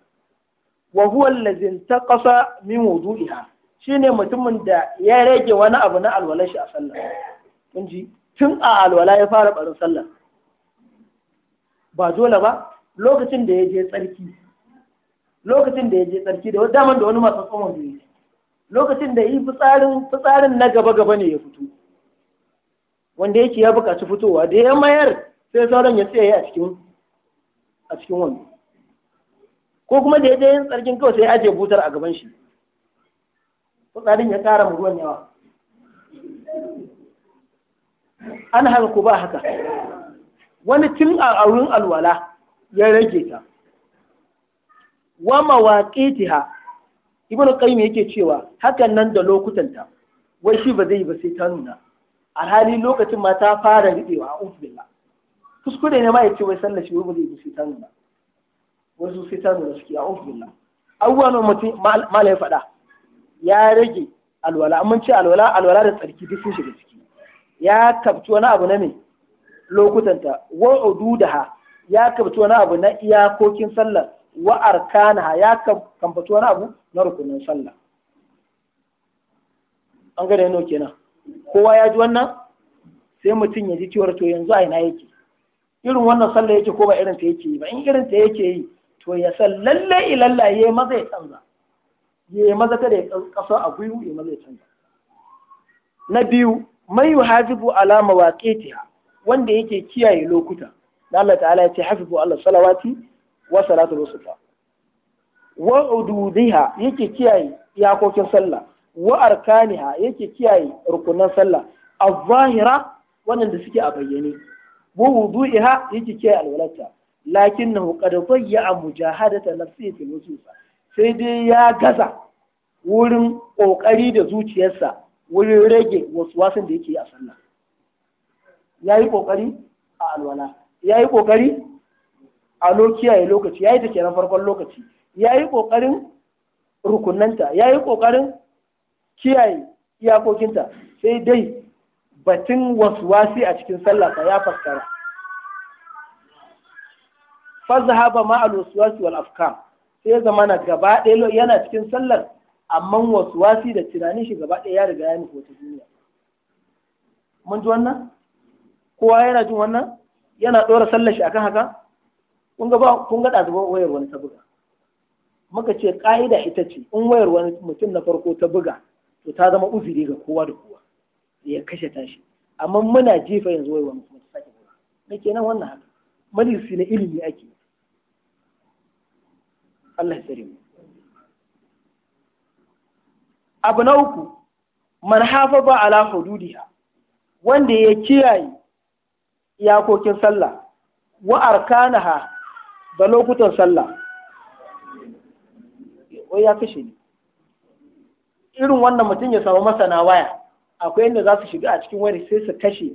wa huwa allazi intaqasa min wudu'iha shine mutumin da ya rage wani abu na alwala a sallah tun a alwala ya fara barin sallah ba dole ba lokacin da ya je tsarki lokacin da ya je tsarki da daman da wani masu tsohon da yake lokacin da yi fitsarin na gaba gaba ne ya fito wanda yake ya buƙaci fitowa da ya mayar sai sauran ya tsaye a cikin wani ko kuma da ya je yin tsarkin kawai sai ajiye butar a gaban shi fitsarin ya kara mu ruwan yawa an haka ku ba haka wani tun a aurin alwala ya rage ta wa mawaqitiha ibnu qayyim yake cewa hakan nan da lokutanta wai shi ba zai yi ba sai ta nuna A hali lokacin ma ta fara riɗewa a ubillah kuskure ne ma ya ce wai sallar shi ba zai yi ba sai ta nuna wasu sai ta nuna suke a ofillah abubuwa na mutum mala ya faɗa ya rage alwala amma ce alwala alwala da tsarki duk sun shiga ciki ya kafci wani abu na me lokutanta wa ududaha ya kafci wani abu na iyakokin sallar wa arkanaha ya kamfaci wani abu na rukunin sallah an gane yano kenan kowa ya ji wannan sai mutum ya ji cewar to yanzu a ina yake irin wannan sallah yake ko ba irin ta yake yi ba in irin ta yake yi to ya san lalle ilalla ya maza ya canza ya maza kada ya kasa a gwiwu ya maza ya canza na biyu mai yu hafizu ala mawaqitiha wanda yake kiyaye lokuta da Allah ta'ala ya ce Allah salawati wa salatul wusta wa ududiha yake kiyaye iyakokin sallah wa arkaniha yake kiyaye rukunan sallah A zahira wannan da suke a bayyane wa wudu'iha yake kiyaye alwalata Lakin na lakinnahu qad dayya mujahadata ta fil ba. sai dai ya gaza wurin kokari da zuciyarsa wurin rage wasu wasan da yake a sallah yi kokari a alwala yi kokari a ya lokaci ya yi take na farkon lokaci ya yi kokarin rukunanta ya yi kokarin kiyaye iyakokinta sai dai batun wasu wasi a cikin sallah ya faskara fazhaba ma al waswasi wal afkar sai zamana gaba ɗaya yana cikin sallar amma waswasi da tunanin shi gaba ɗaya ya riga ya nufi wata duniya mun ji wannan kowa yana jin wannan yana ɗora sallar shi akan haka kun ga ba kun ga ɗazu wayar wani ta buga muka ce ƙa'ida ita ce in wayar wani mutum na farko ta buga to ta zama uzuri ga kowa da kowa ya kashe tashi amma muna jefa yanzu wayar wani kuma ta sake buga na kenan wannan haka majalisi na ilimi ake Allah ya mu abu na uku man hafa ba ala hududiha wanda ya kiyaye iyakokin sallah wa arkanaha da lokutan sallah wai ya kashe ne irin wannan mutum ya samu masana waya akwai inda za su shiga a cikin wani sai su kashe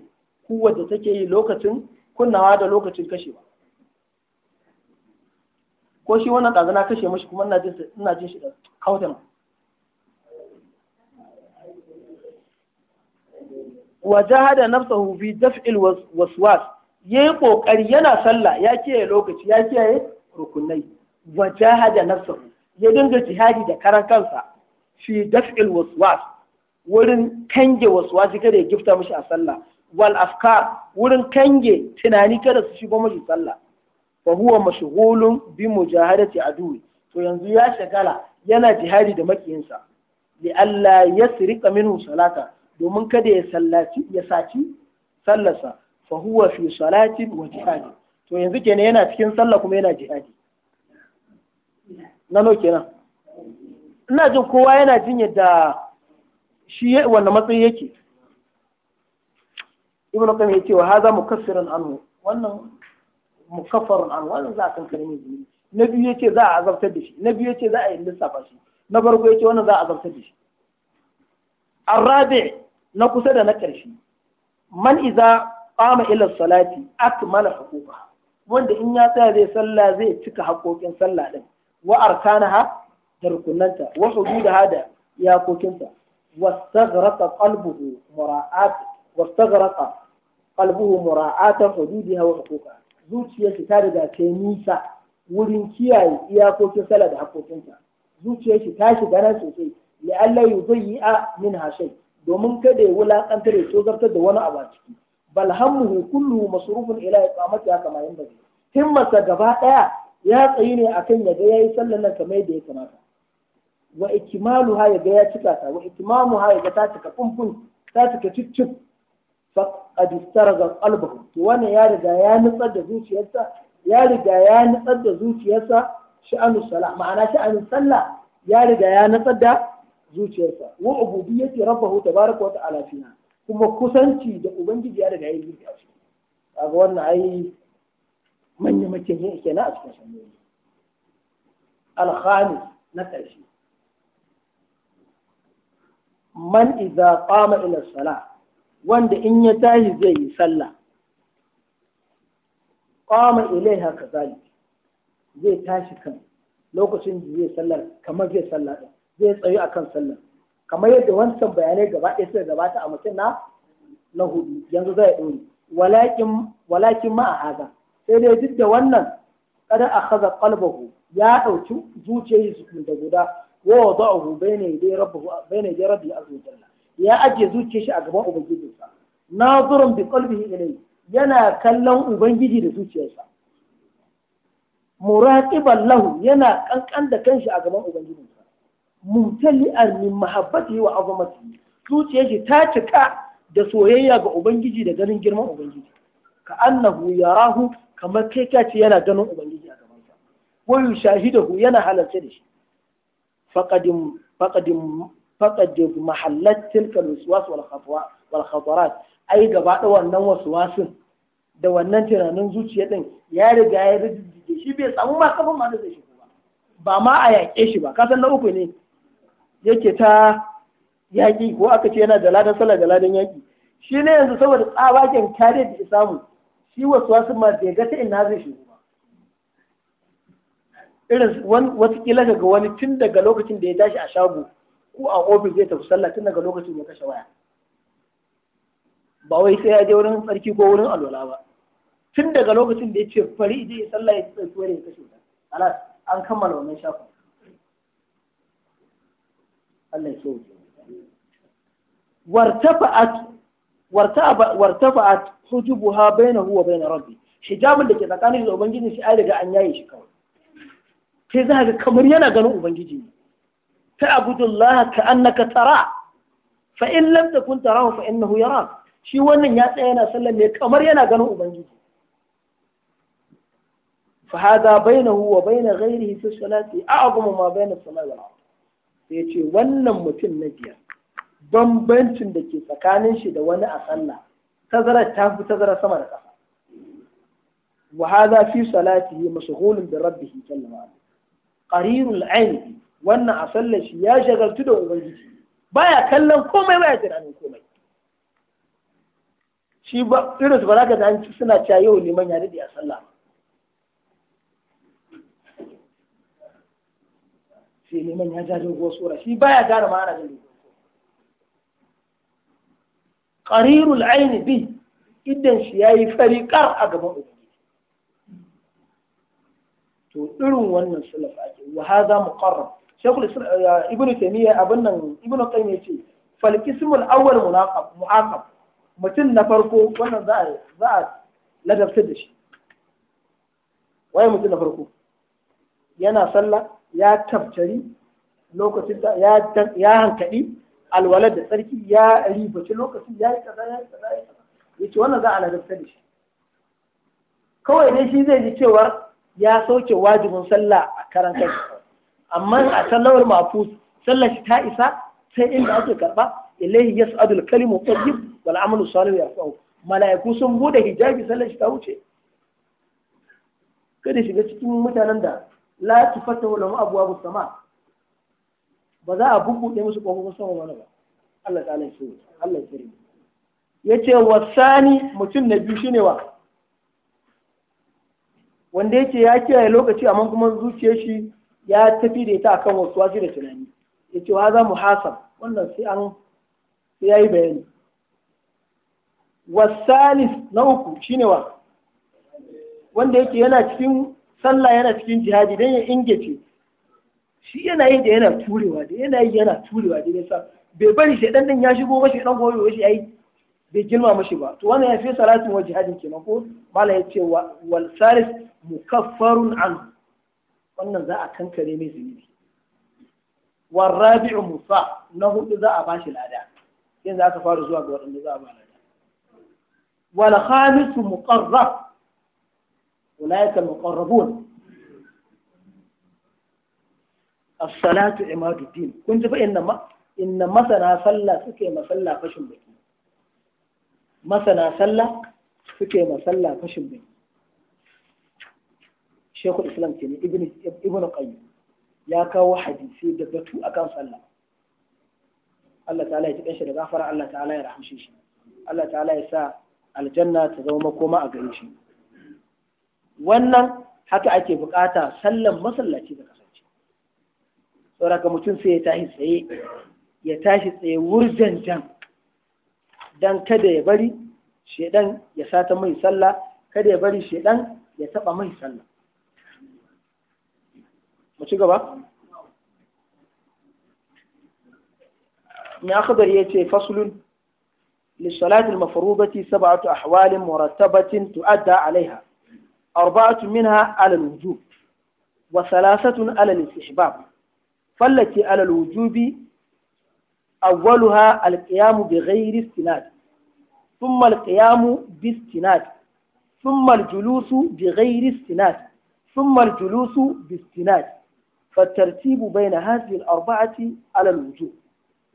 kuwa da take yi lokacin kunnawa da lokacin kashewa ko shi wannan ɗazu na kashe mashi kuma ina jin shi da kautan wa jahada nafsahu fi daf'il waswas yi ƙoƙari yana sallah ya kiyaye lokaci ya kiyaye rukunai wa jahada nafsahu ya dinga jihadi da karan kansa fi daf'il waswas wurin kange waswasi kada ya gifta mashi a sallah wal afkar wurin kange tunani kada su shigo mashi sallah fa huwa mashghulun bi mujahadati aduwi to yanzu ya shagala yana jihadi da makiyinsa li alla yasriqa minhu salata domin kada ya sallaci ya saci sallasa. fa huwa fi salatin wa jihadi. to yanzu kenan yana cikin sallah kuma yana jihadi na kenan ina jin kowa yana jin yadda shi wanda matsayi yake ibnu qayyim yace wa hadha mukassiran anhu wannan mukaffarun an wannan za a kankare mai zunubi na biyu yace za a azabtar da shi na biyu yace za a yi lissafa shi na farko yace wannan za a azabtar da shi arabi na kusa da na ƙarshe man iza qama ila salati akmala huquqa wanda in ya tsaya zai sallah zai cika haƙoƙin sallah din wa arkanaha da rukunanta wa hududaha da iyakokinta واستغرق قلبه مراعاة واستغرق قلبه مراعاة حدودها وحقوقها zuciyarsa ta riga ta nisa wurin kiyaye iyakokin sala da hakokinsa zuciyarsa ta shiga nan sosai ya Allah ya zai yi a min hashai domin kada ya wulakantar ya tozartar da wani abu a ciki bal hammuhu kullu masrufun ila iqamati kama yanda zai himmarsa gaba daya ya tsayi ne akan ya yayi sallar nan kamar yadda ya kamata wa ha ya ga ya cika ta wa ha ya ga ta cika funfun ta cika ciccic faqad istaraga qalbuhu to wannan ya riga ya nutsar da zuciyarsa ya riga ya nutsar da zuciyarsa sha'anu salah ma'ana sha'anu sallah ya riga ya nutsar da zuciyarsa wa ubudiyyati rabbahu tabaraka wa ta'ala fina kuma kusanci da ubangiji ya riga ya yi shi kaga wannan ai manya mace ne kenan a cikin shanyoyi al-khamis na ƙarshe man idza qama ila salah wanda in ya tashi zai yi sallah qama ilaiha kazalik zai tashi kan lokacin da zai sallar kamar zai sallah zai tsayu akan sallar kamar yadda wancan bayanai gaba ɗaya suka gabata a mutum na na hudu yanzu zai ɗori walakin walakin ma a haza sai dai duk da wannan kada a haza qalbahu ya ɗauki zuciyar da guda wa wada'ahu bayna bai rabbihi bayna yaday rabbihi azza jalla ya ajiye zuciyar shi a gaban ubangijinsa nazurun bi qalbihi ilayhi yana kallon ubangiji da zuciyarsa muraqiban lahu yana kankan da kanshi a gaban ubangijinsa mumtali'an min mahabbatihi wa azamatihi zuciyar shi ta cika da soyayya ga ubangiji da ganin girman ubangiji ka annahu yarahu kamar kai ka ce yana ganin ubangiji a gabansa wa yushahidahu yana halarce da shi faqadim faqadim faqad mahallat tilka alwaswas su khafwa wal khatarat ai gaba da wannan waswasin da wannan tunanin zuciya din ya riga ya rijije shi bai samu ma kafin ma da shi ba ba ma a yaƙe shi ba kasan na uku ne yake ta yaƙi ko aka ce yana da ladan sallah da ladan yaƙi shi ne yanzu saboda tsabagen kare da samu shi wasu wasu ma bai ga ta ina zai shigo ba irin kila ga wani tun daga lokacin da ya tashi a shago ko a ofis zai tafi sallah tun daga lokacin ya kashe waya ba wai sai ya je wurin tsarki ko wurin alwala ba tun daga lokacin da ya ce fari je ya sallah ya tsarki wani ya kashe wuta an kammala wannan shafin Allah ya so wartafa'at wartafa'at hujubuha bainahu wa bain rabbi hijabin da ke tsakanin da ubangiji shi ai daga an yaye shi kawai sai za ga kamar yana ganin ubangiji ne تعبد الله كأنك تراه فإن لم تكن تراه فإنه يراك shi wannan ya tsaya yana sallar kamar yana ganin ubangiji fa hada bainahu wa bain ghairihi fi salati a'zamu ma bain as-samai wal ard sai yace wannan mutum na jiya. bambancin da ke tsakanin shi da wani a sallah tazara ta fi tazara sama da ƙasa wa fi salatihi mashghulun bi rabbih jalla wa wannan a sallar shi ya shagaltu da ubangiji baya kallon komai baya tunanin komai shi ba irin su ba za ka ci suna cewa yau liman ya daɗe a sallah sai liman ya jaje go sura shi baya gane ma'ana da liman qarirul aini bi idan shi yayi fariƙar a gaban ubangiji to irin wannan salaf ake wa hadha muqarrab shekul ibnu uh, taymiya abin nan ibnu qayyim yace fal qismul awwal munaqab muaqab mutum na farko wannan za a za a ladabtar da shi waye mutum na farko yana sallah ya tabtari lokacin da ya ya hankali alwalad da tsarki ya ribaci lokacin ya yi kaza ya yi kaza ya yace wannan za a ladabtar da shi kawai ne shi zai ji cewa ya sauke wajibin sallah a karan kai amma a sallawar mafus sallar shi ta isa sai inda ake karba ilaihi adul kalimu tayyib wal amalu ya yarfa'u malaiku sun bude hijabi sallar shi ta wuce kada shiga cikin mutanen da la tufatahu lahum abwabu sama ba za a bugu bubbuɗe musu kofofin sama wani ba Allah ta ya shi Allah ya ce yace wasani mutum na biyu shine wa wanda yake ya kiyaye lokaci amma kuma zuciyar shi ya tafi da ita akan wasu wasu da tunani ya ce wa za mu hasam wannan sai an ya yi bayani wasalis na uku shine wa wanda yake yana cikin sallah yana cikin jihadi don ya ingace shi yana yi da yana turewa da yana yi yana turewa da yasa bai bari shi din ya shigo ba ɗan goyo ba shi ai bai girma mashi ba to wannan ya fi salatin wa jihadin kenan ko mala ya ce wal salis mukaffarun anhu wannan za a kankare mai zunubi warrabi'u musa na hudu za a bashi lada yanzu aka fara zuwa ga waɗanda za a ba lada wal khamisu muqarrab ulaika muqarrabun as-salatu imaduddin kun ji fa inna ma inna masana sallah suke masalla fashin baki masana sallah suke masalla fashin baki shekul islam ke ne ibn qayyim ya kawo hadisi da batu akan sallah Allah ta'ala ya ji da gafara Allah ta'ala ya rahamshe shi Allah ta'ala ya sa aljanna ta zama makoma a gare shi wannan haka ake bukata sallan masallaci da kasance saboda mutum sai ya tashi tsaye ya tashi tsaye wurjan jan dan kada ya bari shedan ya sata mai sallah kada ya bari shedan ya taba mai sallah mu mai akhbar ya ce للصلاة المفروضة سبعة أحوال مرتبة تؤدى عليها أربعة منها على الوجوب وثلاثة على الاستحباب فالتي على الوجوب أولها القيام بغير استناد ثم القيام باستناد ثم الجلوس بغير استناد ثم الجلوس باستناد فالترتيب بين هذه الأربعة على الوجوب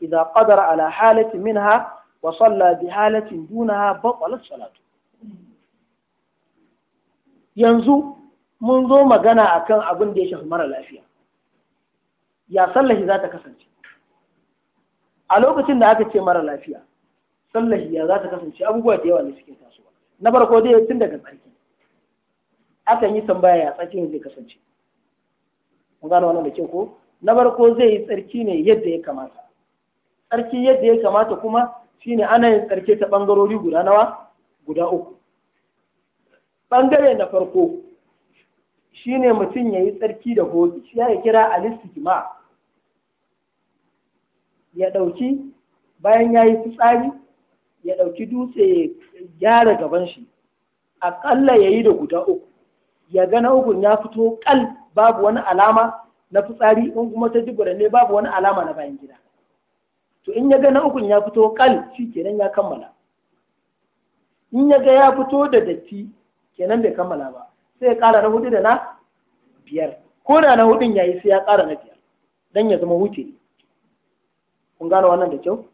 إذا قدر على حالة منها وصلى بحالة دونها بطلت صلاته yanzu mun zo magana akan abin da ya shafi mara lafiya ya sallahi za ta kasance a lokacin da aka ce mara lafiya sallahi ya za ta kasance abubuwa da yawa ne suke tasowa na farko dai tun daga tsarki akan yi tambaya ya tsarki zai kasance kun gano wannan da ke ko na farko zai yi tsarki ne yadda ya kamata tsarki yadda ya kamata kuma shine ana yin tsarki ta bangarori guda nawa guda uku bangare na farko shine mutum ya yi tsarki da hoki shi ya kira alistikima ya ɗauki bayan ya yi fitsari ya ɗauki dutse ya gyara gaban shi aƙalla ya yi da guda uku ya ga na ukun ya fito kal babu wani alama na fitsari in kuma ta dubura ne babu wani alama na bayan gida to in ya ga na ukun ya fito kal shi kenan ya kammala in ya ga ya fito da datti kenan bai kammala ba sai ya kara na hudu da na biyar ko da na hudun yayi sai ya kara na biyar dan ya zama wuce kun gano wannan da kyau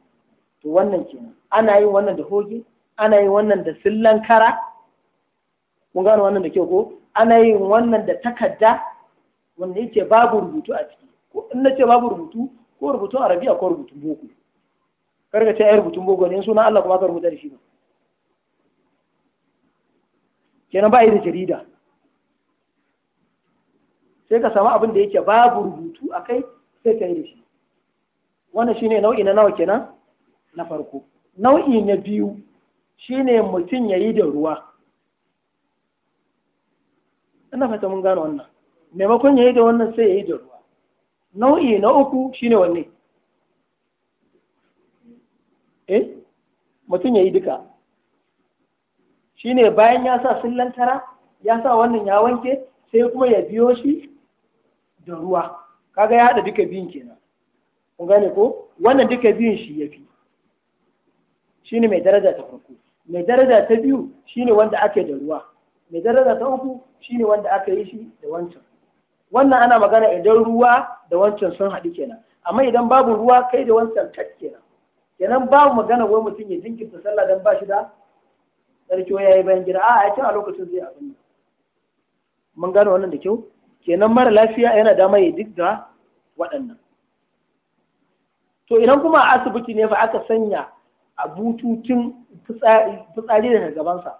to wannan kenan ana yin wannan da hoge ana yin wannan da sillan kara kun gano wannan da kyau ko ana yin wannan da takarda wanda yake babu rubutu a ciki ko in na ce babu rubutu ko rubutun arabiya ko rubutun boko karka ce ai rubutun boko ne in suna Allah kuma ka rubuta da shi ba kenan ba a yi da jarida sai ka samu abin da yake babu rubutu a kai sai ka yi da shi wannan shine nau'i na nawa kenan na farko nau'i na biyu shine mutum ya yi da ruwa ina fata mun gano wannan maimakon ya yi da wannan sai ya yi da ruwa nau'i na uku shine wanne eh mutum ya yi duka shine bayan ya sa sullantara ya sa wannan ya wanke sai kuma ya biyo shi da ruwa kaga ya haɗa duka biyun kenan kun gane ko wannan duka biyun shi ya fi shine mai daraja ta farko mai daraja ta biyu shine wanda ake da ruwa mai daraja ta uku shine wanda aka yi shi da wancan wannan ana magana idan ruwa da wancan sun haɗu kenan amma idan babu ruwa kai da wancan tak kenan kenan babu magana wai mutum ya jinkirta sallah dan ba shi da sarki ya yi bayan gida a ya a lokacin zai abin mun gano wannan da kyau kenan mara lafiya yana da ya duk da waɗannan to idan kuma a asibiti ne fa aka sanya a bututun fitsari daga gabansa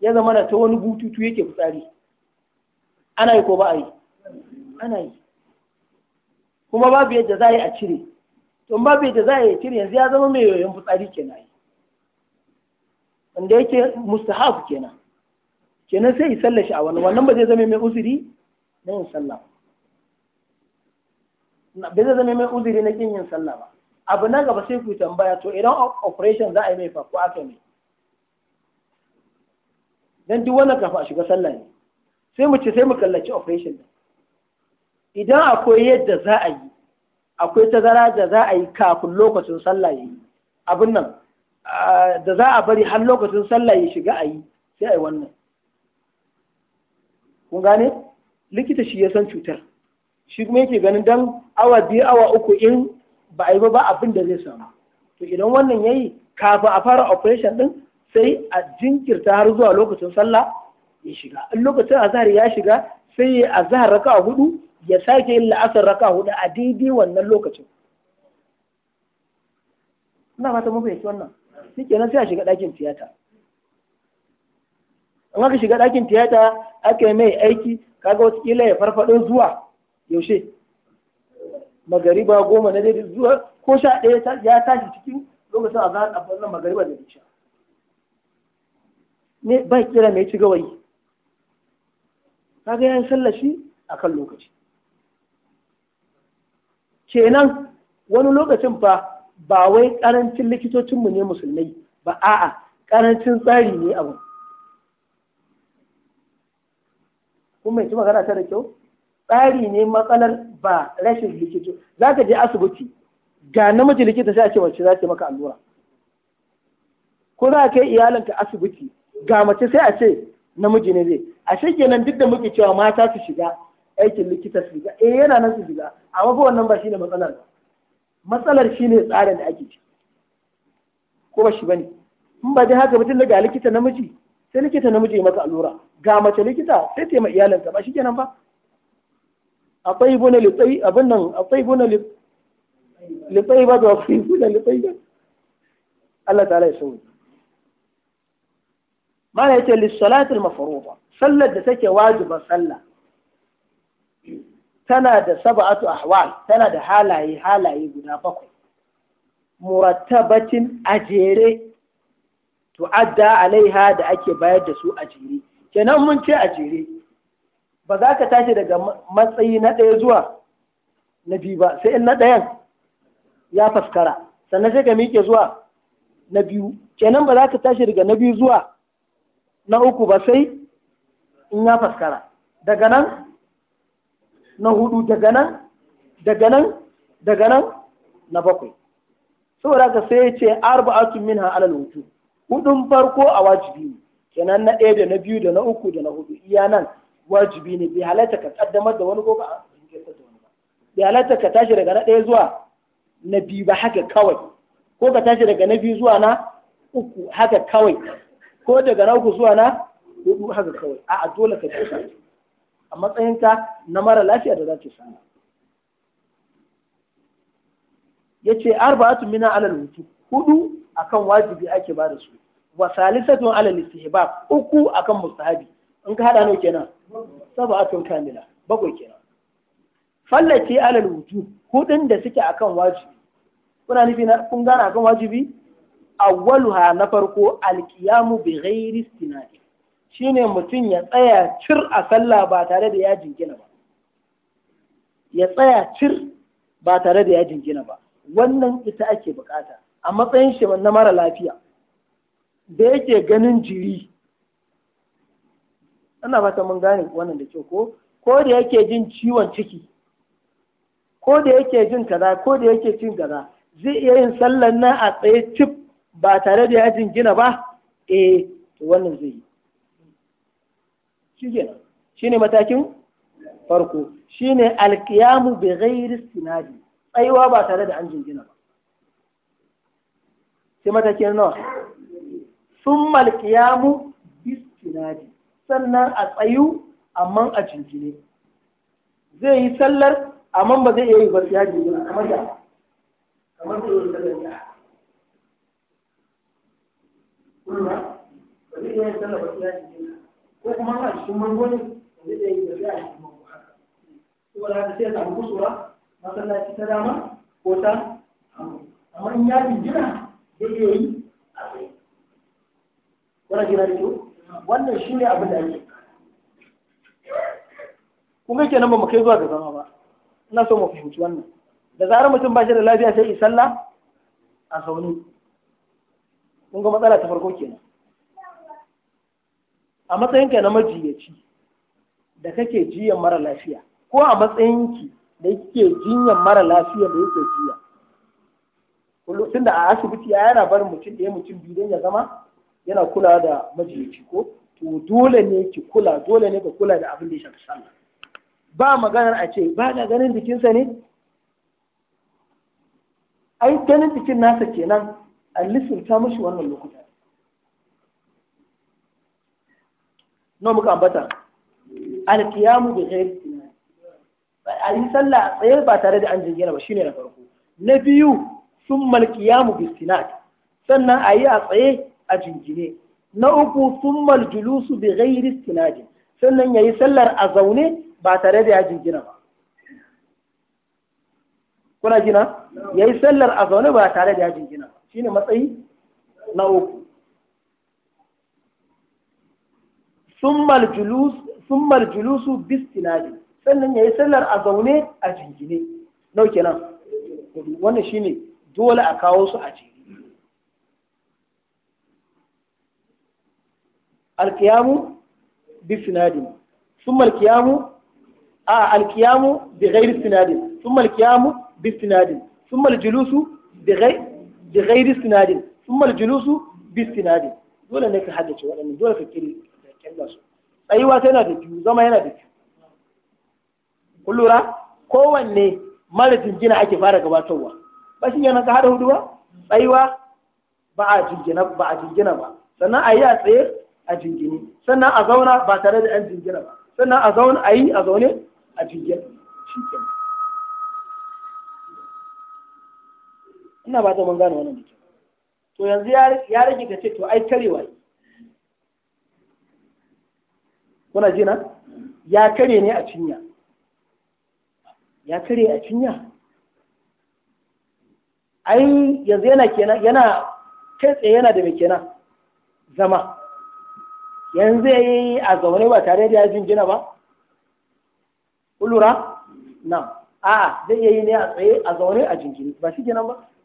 ya zama na ta wani bututu yake fitsari ana yi ko ba a yi ana yi kuma babu yadda za a yi a cire to babu yadda za a yi a cire yanzu ya zama mai yoyon fitsari kenan yi wanda yake mustahabu kenan kenan sai yi sallar shi a wannan wannan ba zai zama mai uzuri na yin sallah ba zai zama mai uzuri na kin yin sallah ba abu na gaba sai ku tambaya to idan operation za a yi mai fa ko aka mai dan duk wannan kafa a shiga sallah ne sai mu ce sai mu kallaci operation idan akwai yadda za a yi akwai tazara da za a yi kafin lokacin sallah yi abin nan ah, da za a bari har lokacin sallah ya shiga a yi sai a yi wannan kun gane likita shi ya san cutar shi kuma yake ganin dan awa biyu awa uku in ba a yi ba abin da zai samu to idan wannan yayi kafin a fara operation din sai a jinkirta har zuwa lokacin sallah ya shiga in lokacin azhar ya shiga sai ya azhar raka hudu ya sake yin la'asar raka hudu a daidai wannan lokacin ina fata mun fahimci wannan shi kenan sai a shiga ɗakin tiyata in aka shiga ɗakin tiyata aka yi mai aiki kaga watakila ya farfaɗo zuwa yaushe magariba goma na daidai zuwa ko sha ɗaya ya tashi cikin lokacin a zahar abin magariba da isha ne ba kira mai ci gawayi kaga yayin sallah shi kan lokaci kenan wani lokacin fa ba wai karancin likitocinmu ne musulmai ba a'a karancin tsari ne abu kuma mai ci magana ta da kyau tsari ne matsalar ba rashin likito za ka je asibiti ga namiji likita sai a ce wacce za ta maka allura ko za ka kai iyalinka asibiti ga mace sai a ce namiji ne zai A ashe kenan duk da muke cewa mata su shiga aikin likita su shiga eh yana nan su shiga amma ba wannan ba shine matsalar ba matsalar shine tsarin da ake ci ko ba shi bane in ba dai haka mutum ga likita namiji sai likita namiji ya masa allura ga mace likita sai ta yi ma iyalinta ba shi nan ba akwai buna litsai abin nan akwai buna litsai ba da akwai buna litsai Allah ta'ala ya sauya mana yace lissalatul mafruḍa sallar da take wajiban sallah tana da sab'atu ahwal tana da halaye halaye guda bakwai murattabatin ajere tu'adda alaiha da ake bayar da su ajere kenan mun ce ajere ba za ka tashi daga matsayi na ɗaya zuwa na biyu ba sai in na ɗayan ya faskara sannan sai ka miƙe zuwa na biyu kenan ba za ka tashi daga na biyu zuwa na uku ba sai in ya faskara daga nan na hudu daga nan daga nan daga nan na bakwai saboda ka sai ya ce arba'atun min alal wutu hudun farko a wajibi ne kenan na ɗaya da na biyu da na uku da na hudu iya nan wajibi ne bai halatta ka kaddamar da wani ko ba bai halatta ka tashi daga na ɗaya zuwa na biyu ba haka kawai ko ka tashi daga na biyu zuwa na uku haka kawai ko daga na uku zuwa na hudu haka kawai a dole ka kusa a matsayinka na mara lafiya da za ta sana ya ce arba'atu mina alal wutu hudu akan wajibi ake ba da su wa salisatun alal istihbab uku akan mustahabi in ka hada nawa kenan sab'atun kamila bakwai kenan Fallaki alal wutu hudun da suke akan wajibi kuna nufi na kun gana akan wajibi awwaluha na farko alkiyamu bi ghairi istina'i shine mutum ya tsaya cir a sallah ba tare da ya jingina ba ya tsaya cir ba tare da ya jingina ba wannan ita ake bukata a matsayin shi na mara lafiya da yake ganin jiri ana fata mun gane wannan da kyau ko ko da yake jin ciwon ciki ko da yake jin kaza ko da yake cin kaza zai iya yin sallan nan a tsaye cif ba tare da ya jingina ba eh to wannan zai yi shi shine matakin farko shine alkiyamu bi ghairi sinadi tsayuwa ba tare da an jingina ba sai matakin nawa Sun alkiyamu bi sinadi sannan a tsayu amma a jingine zai yi sallar amma ba zai iya yi ba ya jingina kamar da kamar da yi Kuma ba zai iya sallah ba sai ya ko kuma a cikin ba zai iya ta dama ko ta amma in ya zai iya yi wani shi ne abin da ake ba mu kai zuwa ga zama ba ina so mu fahimci wannan da zarar mutum ba shi da lafiya sai yi sallah a zaune kun ga matsala ta farko kenan a matsayinka na majiyaci da kake jiyan mara lafiya ko a matsayinki da kike jiyan mara lafiya da yake jiya kullum da a asibiti ya yana barin mutum ɗaya mutum biyu don ya zama yana kula da majiyaci ko to dole ne ki kula dole ne ka kula da abin da ya shafi sallah ba maganar a ce ba ka ganin jikinsa ne ai ganin jikin nasa kenan a ta mashi wannan lokuta nawa muka ambata alkiyamu da ghairi a yi sallah a tsaye ba tare da an jingina ba shine na farko na biyu sun malkiyamu bistinat sannan a yi a tsaye a jingine na uku sun maljulusu bi ghairi istinadi sannan ya yi sallar a zaune ba tare da ya jingina ba kuna gina ya yi sallar a zaune ba tare da ya jingina shine matsayi na uku summal julus summal julusu bistinadi sannan yayi sallar a zaune a jingine nau kenan wannan shine dole a kawo su a jini alkiyamu bisinadin sun alkiyamu a alkiyamu da gairi sinadin summa alkiyamu bisinadin summa aljulusu da gairi bi ghairi sinadin thumma al-julusu bi sinadin dole ne ka haddace waɗannan dole ka kiri da kyalla su sai na da biyu zama yana da biyu kullura lura kowanne mara jingina ake fara gabatarwa ba shi yana ka hada hudu ba tsayuwa ba a jingina ba a jingina ba sannan a yi a tsaye a jingini sannan a zauna ba tare da an jingina ba sannan a zauna a yi a zaune a jingina shi kenan ina ba ta mun gane wannan mutum to yanzu ya rage ka ce to ai karewa ne kuna jina ya kare ne a cinya ya kare a cinya ai yanzu yana kenan yana kai tsaye yana da mai kenan zama yanzu ya yi a zaune ba tare da ya jinjina ba kulura na a'a zai iya yi ne a tsaye a zaune a jinjini ba shi kenan ba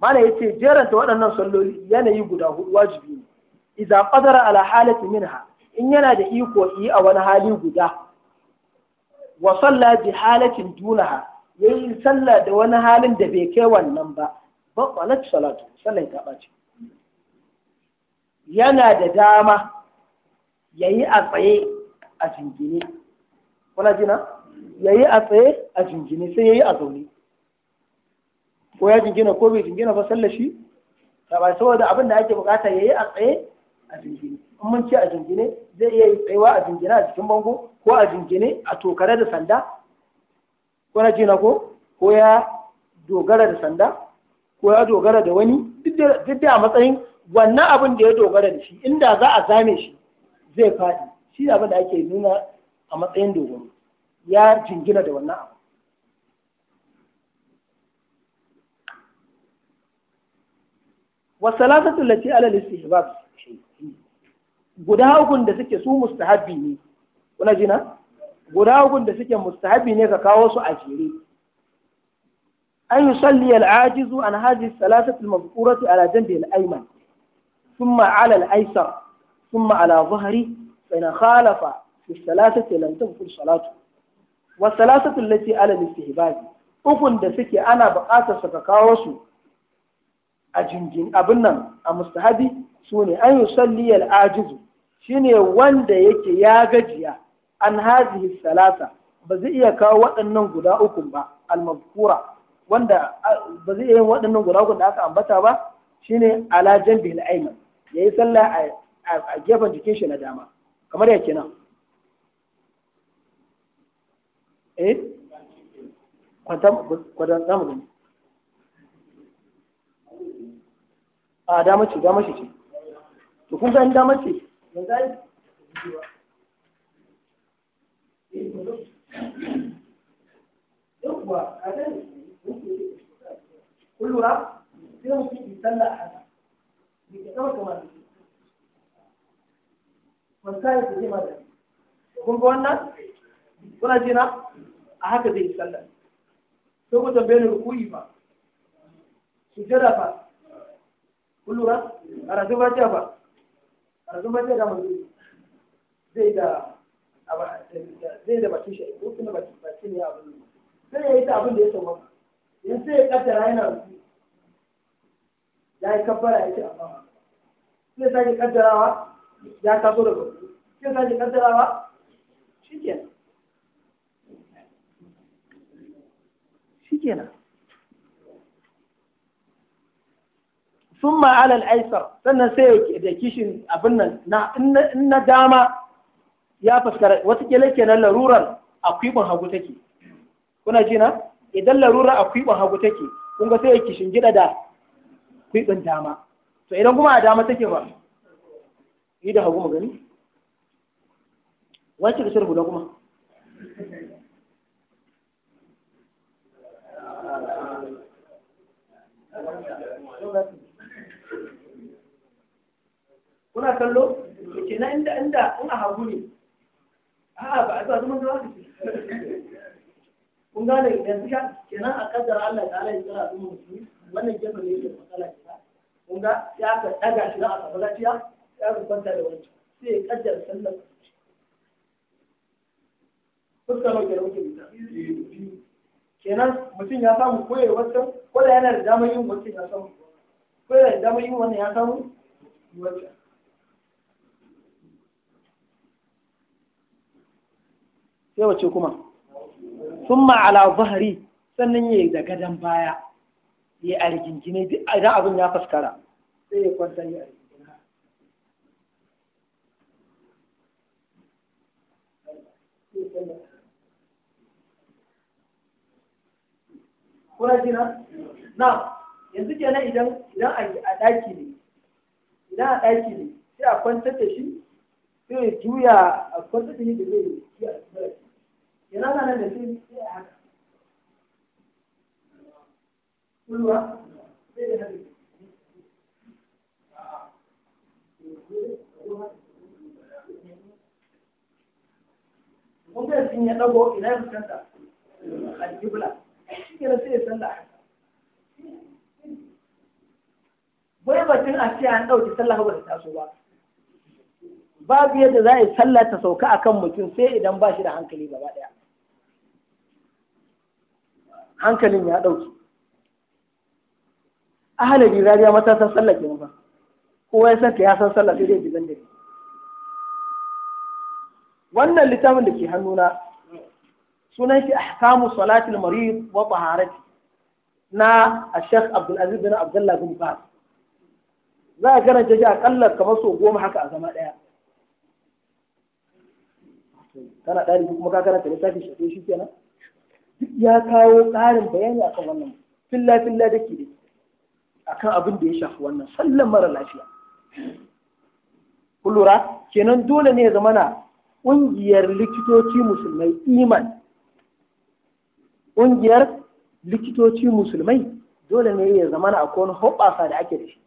mana yace ta waɗannan salloli yanayi guda hudu wajibi ne idza qadara ala halati minha in yana da iko yi a wani hali guda wa salla bi halatin dunaha yayi sallah da wani halin da bai kai wannan ba Ba qalat salatu sallan ta bace yana da dama yayi a tsaye a jingine kuna jina yayi a tsaye a jingine sai yayi a zaune ko ya jingina ko bai jingina ba sallar shi ta ba saboda abin da ake bukata ya yi a tsaye a jingine in mun ce a jingine zai iya yi tsayawa a jingine a cikin bango ko a jingine a tokare da sanda ko na jina ko ko ya dogara da sanda ko ya dogara da wani duk da a matsayin wannan abin da ya dogara da shi inda za a zame shi zai faɗi shi abin da ake nuna a matsayin dogon, ya jingina da wannan abu wasalatatu lati ala istihbab guda ukun da suke su mustahabbi ne kuna jina guda ukun da suke mustahabbi ne ka kawo su a jere an yusalli al-ajizu an hadhihi salatatu al-mazkurati ala janbi al-ayman thumma ala al-aysar thumma ala dhahri fa in khalafa fi salatati lam tabqul salatu wasalatatu lati ala istihbab ukun da suke ana buƙatar su ka kawo su a jinjin abin nan a mustahabi su ne an yi salliyar ajizu shi ne wanda yake ya gajiya an hazihi salata ba zai iya kawo waɗannan guda uku ba almazkura wanda ba zai iya waɗannan guda uku da aka ambata ba shine ala a'iman, ya yi sallah a gefen jikin shi na dama kamar ya nan. eh kwanta kwanta zamu gani a dama ce dama ce to kun ga dama ce kullura sai mu yi a kama kamar ce ma kun ga wannan kuna jina a haka zai yi sallah sai ku tambaye ni rukuyi ba sujada ba kullura a rasu ba ce ba a rasu ba ce da mazu zai da zai da bakin shi ko kuma bakin ya abin sai ya yi ta abin da ya sauwa in sai ya ya yana rufi ya yi kabbara ya ce amma sai sake kaddarawa ya taso da rufi sai sake kaddarawa shi kenan shi kenan sun ma'alar aisar sannan sai da kishin abin nan na dama ya fuskara ke na larurar a kwibin hagu take kuna jina idan larurar a kwibin hagu take kun ga sai kishin gida da kwibin dama to idan kuma a dama take ba yi da hagu magani wacce da shirhu da kuma Thank you. kuna kallo ke na inda inda in a hagu ne a ba a zuwa zaman zuwa kun gane yanzu sha kenan a kaddara Allah ta ala ya tsara al'umma musulmi wannan gefe ne yake matsala ke ba kun ga sai aka daga shi na a samu lafiya ya ka kwanta da wancan sai ya kaddara sallar fuskar mai kenan mutum ta kenan mutum ya samu koyar wancan ko da yana da damar yin wancan ya samu ko da damar yin wannan ya samu wancan sai wace kuma summa ala zahri sannan yayi da gadan baya yayi a rigingine idan abin ya faskara sai ya kwanta yi a kuna ji na yanzu kenan idan idan a daki ne idan a daki ne sai a kwantar da shi sai juya a kwantar da shi da zai yi a ina na da shi sai a haka kulwa sai da haka kuma sun ya dago ina ya fuskanta aljibla shi ke sai ya sanda haka bai batun a ce an ɗauki sallah ba ta taso ba babu yadda za a yi sallah ta sauka akan mutum sai idan ba shi da hankali gaba ɗaya hankalin ya ɗauki ahalabi rariya mata san sallah ke ba kowa ya san ka ya san sallah sai dai jigan dare wannan littafin da ke hannuna sunan shi ahkamu salatul marid wa taharati na a Abdul Aziz bin Abdullah bin Ba za a karanta shi akalla kamar so goma haka a zama daya kana ɗalibi kuma ka karanta littafin shi kenan ya kawo ƙarin bayani akan wannan filla filla da ke akan abin da ya shafi wannan sallan mara lafiya kullura kenan dole ne ya zama na ƙungiyar likitoci musulmai iman ƙungiyar likitoci musulmai dole ne ya zama na akwai hoɓasa da ake da shi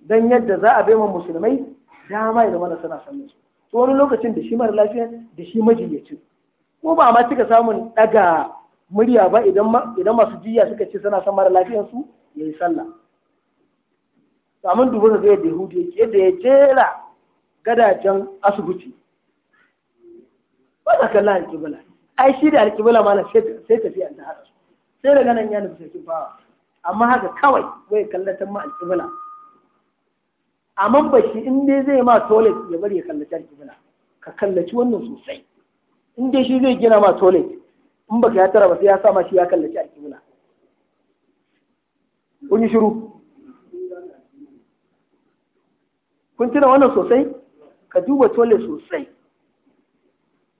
don yadda za a ma musulmai dama ya zama na sana sannan su wani lokacin da shi mara lafiya da shi majiyyacin ko ba ma cika samun daga murya ba idan masu jiya suka ce suna son mara lafiyansu ya yi sallah samun dubu ga yadda yahudu yake yadda ya jera gadajen asibiti ba ta kalla alkibila ai shi da alkibila ma sai tafiya da su, sai daga nan ya nufi sai fawa amma haka kawai zai kallatan ma alkibila amma ba shi in dai zai ma toilet ya bari ya kallaci alkibila ka kallaci wannan sosai in dai shi zai gina ma tole, in baka ya tara ba sai ya sa ma shi ya kallaci a kibla kun yi shiru kun tuna wannan sosai ka duba tole sosai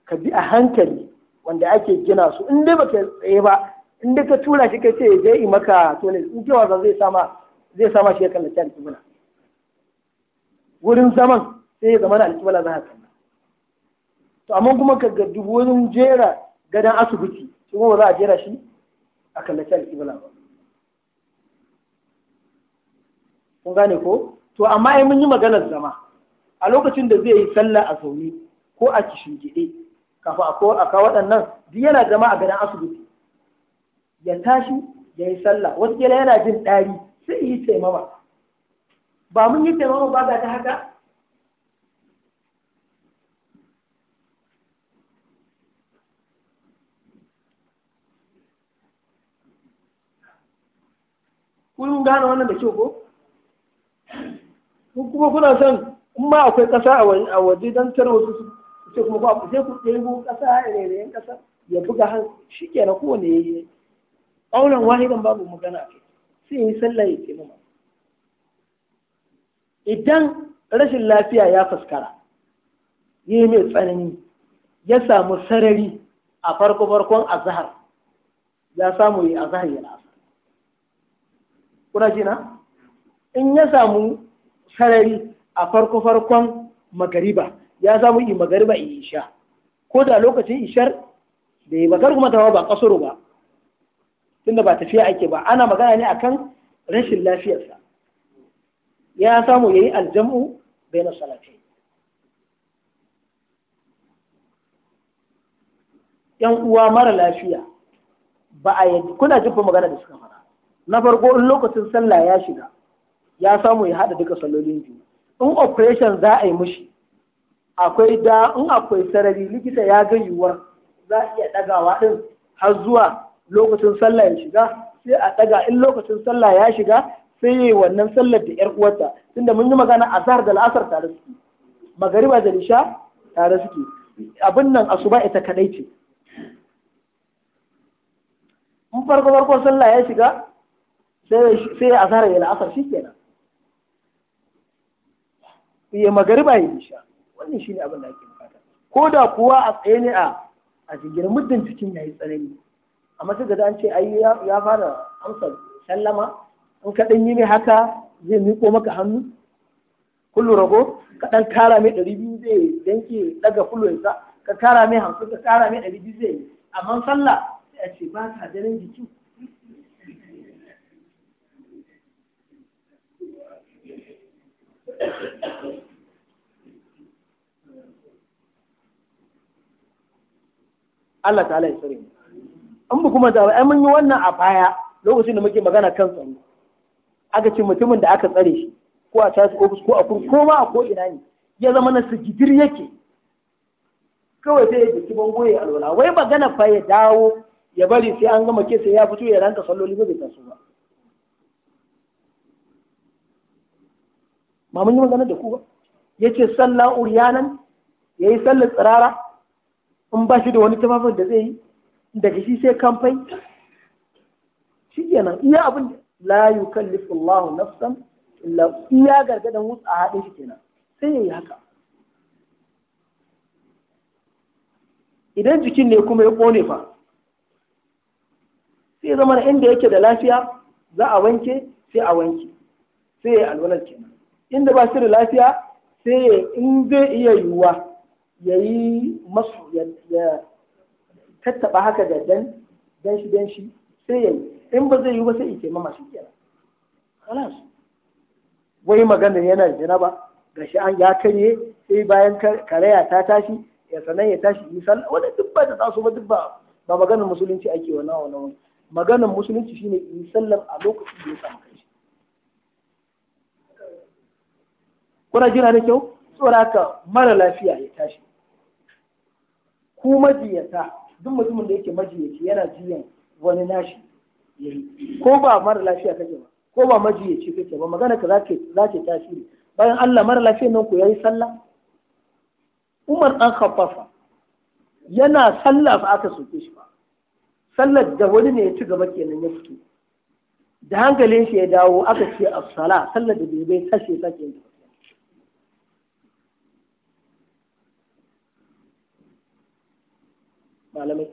ka bi a hankali wanda ake gina su in dai baka tsaye ba in dai ka tura shi ka ce ya je yi maka tole, in cewa zai sama zai sama shi ya kallaci a kibla wurin zaman sai ya zama na alkibla za ka to amma kuma ka ga wurin jera gadon asibiti shi kuma za a jera shi a kallace alƙibla ba kun gane ko to amma ai mun yi maganar zama a lokacin da zai yi sallah a zaune ko a kishingide kafin a kawo waɗannan duk yana zama a gadon asibiti ya tashi ya yi sallah wataƙila yana jin ɗari sai yi taimama ba mun yi taimama ba ga ta haka kun gane wannan da kyau ko kuma kuna son in ma akwai ƙasa a waje don tarwata sai kuma ku sai ku ɗebo ƙasa rairayin ƙasa ya buga han shi ke na kowane ya yi ƙaunar wahidan babu magana a sai ya yi sallah ya taimama idan rashin lafiya ya fuskara ya yi mai tsanani ya samu sarari a farko farkon azahar ya samu yi azahar ya nasa kuna jina in ya samu sarari a farko farkon magariba ya samu yi magariba yi isha ko da lokacin ishar da yi bakar kuma tawa ba kasoro ba tunda ba tafiya ake ba ana magana ne akan rashin lafiyarsa ya samu yayi aljam'u bai na salafi yan uwa mara lafiya ba a yi kuna jibba magana da suka fara na farko in lokacin sallah ya shiga ya samu ya haɗa duka sallolin biyu in operation za a yi mushi akwai da in akwai sarari likita ya ga yiwuwar za a iya ɗagawa ɗin har zuwa lokacin sallah ya shiga sai a ɗaga in lokacin sallah ya shiga sai yi wannan sallar da yar uwarta tunda mun yi magana azhar da la'asar tare suke magariba da isha tare suke abin nan asuba ita kadai ce in farko farko sallah ya shiga sai ya azhar ya la'asar shikenan ya magariba ya isha wannan ne abin da ake bukata ko da kuwa a tsaye ne a a jigir muddin cikin yayi tsanani A sai da an ce ai ya fara amsa sallama in ka dan yi mai haka zai miko maka hannu kullu rago ka dan kara mai ɗari biyu zai danke daga fulwensa ka kara mai hamsin ka kara mai ɗari biyu zai amma sallah sai a ce ba ka ganin jiki Allah ta ya tsare an bu kuma zaɓa ai mun yi wannan a baya lokacin da muke magana kan tsaro aka ce mutumin da aka tsare shi ko a tashi ofis ko a kun koma a ko ina ne ya zama na sigidir yake kawai sai ya jiki bango ya alwala wai magana fa ya dawo ya bari sai an gama kesa ya fito ya ranka salloli ba bai taso ba ma mun yi magana da ku ba yace sallah uriyanan yayi sallar tsirara in ba shi da wani tafafin da zai yi daga shi sai kamfai shi kenan iya abin la yukallifu Allahu nafsan illa iya gargadan wutsa a haɗin shi kenan sai yayi haka idan jikin ne kuma ya kone fa sai zama inda yake da lafiya za a wanke sai a wanke sai ya yi alwalar kenan inda ba shi da lafiya sai in zai iya yiwuwa ya yi masu ya tattaba haka da dan dan shi dan shi sai ya yi in ba zai yiwu ba sai in mama masu kenan halas wai magana yana da ga shi an ya karye sai bayan karaya ta tashi ya sanan ya tashi misal wani duk ba ta taso ba duk ba ba maganar musulunci ake wa wannan wani. maganar musulunci shine in sallar a lokacin da ya samu kai kuna jira da kyau tsora haka mara lafiya ya tashi ku majiyata duk mutumin da yake majiyaci yana jiyan wani nashi ko ba mara lafiya kake ba ko ba majiyaci kake ba magana ka za ke tasiri bayan Allah mara lafiya nan ku yayi sallah Umar dan Khaffaf yana sallah fa aka soke shi ba sallar da wani ne ya ci gaba kenan ya fito da hankalin shi ya dawo aka ce as-sala sallar da bai bai tashi sake yi malamai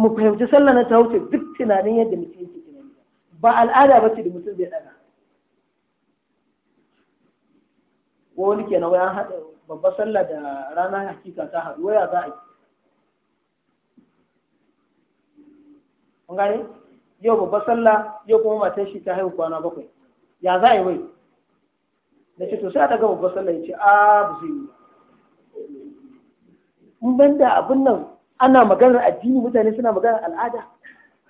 mu fahimci sallah na ta wuce duk tunanin yadda mutum yake tunani ba al'ada ba ce da mutum zai daga wani ke na an haɗa babbar sallah da ranar hakika ta haɗu waya za a yi kun gane yau babbar sallah yau kuma matar shi ta haihu kwana bakwai ya za a yi wai da ce to sai a daga babbar sallah ya ce a ba zai yi ba in ban da abin nan ana maganar addini mutane suna maganar al'ada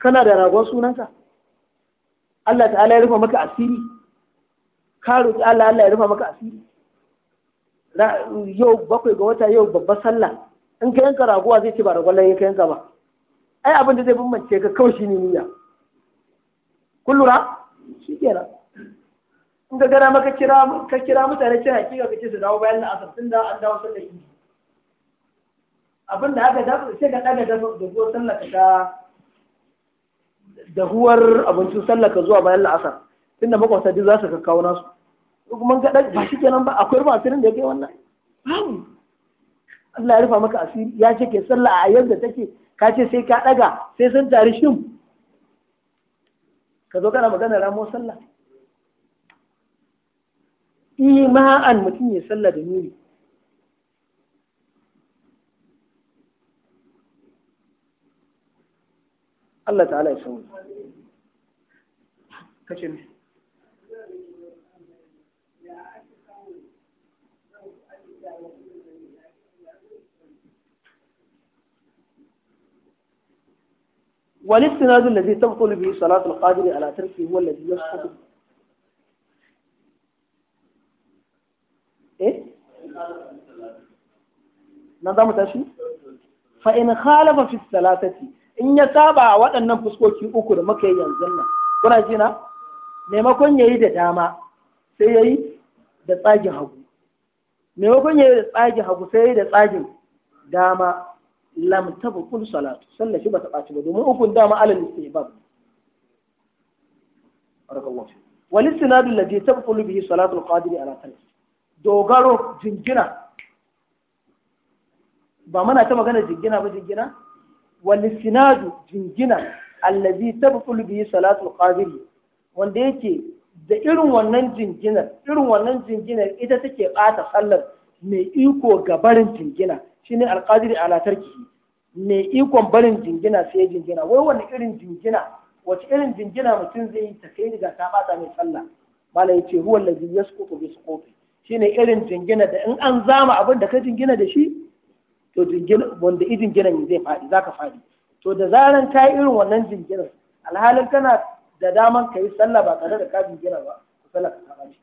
kana da ragon sunanka Allah ta'ala ya rufa maka asiri ka roƙi Allah Allah ya rufa maka asiri yau bakwai ga wata yau babba sallah in ka yanka raguwa zai ce ba ragon ya yanka yanka ba ai abin da zai bambance ka kawai shine niyya kun lura shi in ka gana maka kira ka kira mutane cin hakika ka ce su dawo bayan la'asar tun da an dawo sallar idi abin da aka dafa sai ka ɗaga da ruwan sallaka ta da huwar abincin sallaka zuwa bayan la'asar tunda makwasa duk za su kakkawo nasu kuma ka ɗaga ba shi kenan ba akwai ruwa asirin da ya kai wannan babu Allah ya rufa maka asiri ya ce ke sallah a yadda take ka ce sai ka ɗaga sai sun tari shin ka zo kana magana ramo sallah ima'an mutum ya sallah da nuri. الله تعالى يسوي sauri والاستناد الذي تبطل به صلاة القادر على تركه هو الذي يسقط إيه؟ نظام تاشي فإن خالف في الثلاثة in ya saba a waɗannan fuskoki uku da muka yi yanzu nan kuna ji na maimakon ya yi da dama sai ya yi da tsagin hagu maimakon ya yi da tsagin hagu sai ya yi da tsagin dama lam tabqul salatu sallah shi ba ta ɓaci ba domin ukun dama alal istihbab barakallahu fi wal istinadu alladhi tabqul bihi salatu al ala talab dogaro jingina ba muna ta magana jingina ba jingina والاستناد جنجنا الذي تبطل به صلاة القادر wanda yake da irin wannan jinginar irin wannan jinginar ita take ɓata sallar mai iko ga barin jingina shine alqadiri ala tarki mai ikon barin jingina sai jingina wai wani irin jingina wace irin jingina mutum zai yi ta kai daga ta ɓata mai sallah bala yace huwa allazi yasqutu bi shine irin jingina da in an zama abin da ka jingina da shi to wanda i jinginan zai faɗi za ka faɗi to da zaran ka yi irin wannan jinginan alhalin kana da daman ka yi sallah ba tare da ka jingina ba ka sallah ka kama shi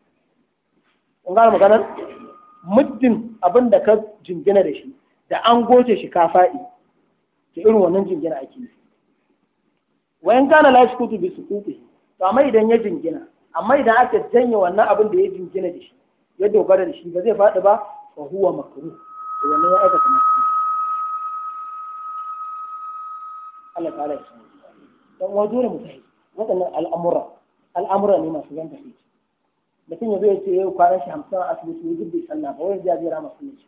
kun gane maganar muddin abin da ka jingina da shi da an goce shi ka faɗi ta irin wannan jingina ake yi wayan kana la kutu bi kutu to amma idan ya jingina amma idan aka janye wannan abin da ya jingina da shi ya dogara da shi ba zai faɗi ba fa huwa makruh وأنه أذى كما قال تعالى ودون متحيز مثلا الأمر الأمر اللي يعني ما سجن تحيز لكن يبي يجي وقارن شيء همسة أسلوب وجود بيسالنا هو يجي هذه رامة سنج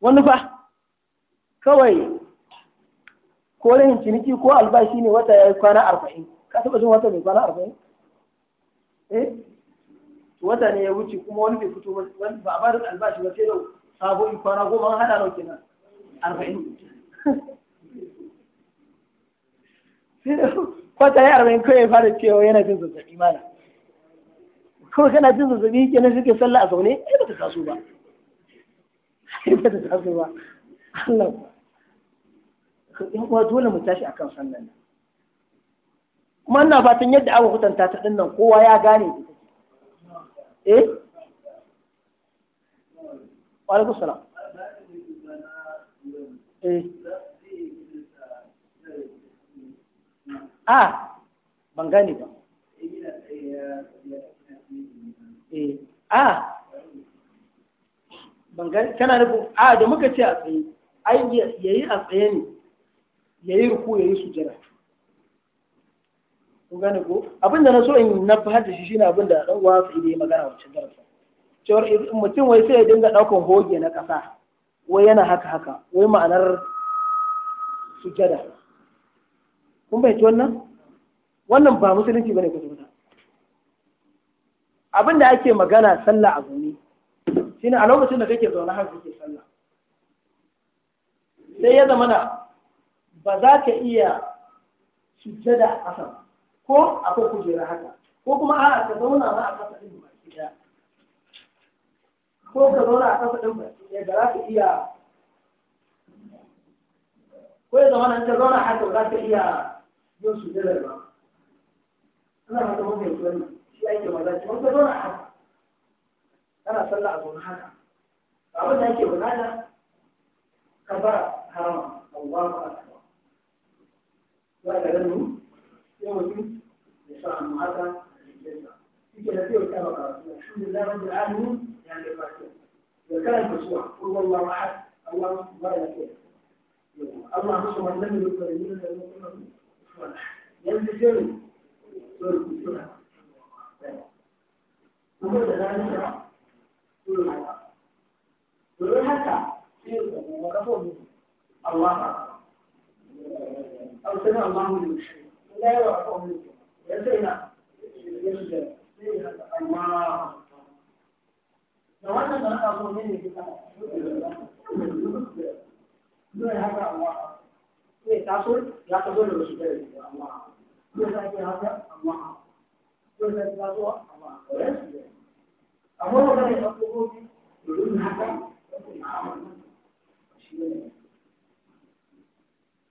ونبا كوي كولين تنتي كو ألباسيني وتا كنا أربعين كاتب أزوم وتا كنا أربعين إيه wata ne ya wuce kuma wani bai fito ba a ba da albashi ba sai da sabo in kwana goma an hada nau kenan arba'in sai da kwata ya arba'in kawai ya fara cewa yana jin zazzabi mana kawai kana jin zazzabi kenan suke sallah a zaune ai baka taso ba ai baka taso ba Allah in kuma dole mu tashi akan sallan nan kuma ina fatan yadda aka hutanta ta dinnan kowa ya gane eh wa salam eh a ah, ban gani ba eh a ah. ban gane kana nufin a ah, da muka ce a tsaye ai yayi a tsaye ne yayi ruku yayi sujada kun gane ko abin da na so in na fahimta shi shine abin da dan uwa sai dai magana wancan darasin cewar mutum wai sai ya dinga daukan hoge na kasa wai yana haka haka wai ma'anar sujada kun bai wannan wannan ba musulunci bane ku zuwa abin da ake magana sallah abu ne shine a lokacin da kake zaune har kake sallah sai ya zamana ba za ka iya sujada a ƙasa ko akwai kujera haka ko kuma a ka zauna ma a kasa ɗin baki ɗaya ko ka zauna a kasa ɗin baki ɗaya da za ka iya ko ya zama nan ka zauna haka ba za ka iya yin su da ba ana mata mun yanzu wannan shi ake maza ce wani ka zauna haka ana sallah a zaune haka abin da ake bukata ka bara harama Allahu akbar za ka gano يوم الدين يشرع المعادة للجزء في كلابية والتابقة الحمد لله رب العالمين يعني الفاتحة إذا كان المشروع قل والله أحد الله لا يكفي الله صمد لم يكن يمين لم يكن كفوا أحد ينزل جنوب سورة كفوا وماذا لا نشرع كل هذا كل هذا الله أكبر أو سمع الله لمن شيء لا يعطون منكم يسرنا يسرنا الله لو أنا ما أعطون مني لا هذا الله إيه تصل لا تصل الرسول الله يسأل هذا الله يسأل هذا الله أمر بني يطلبون يقولون هذا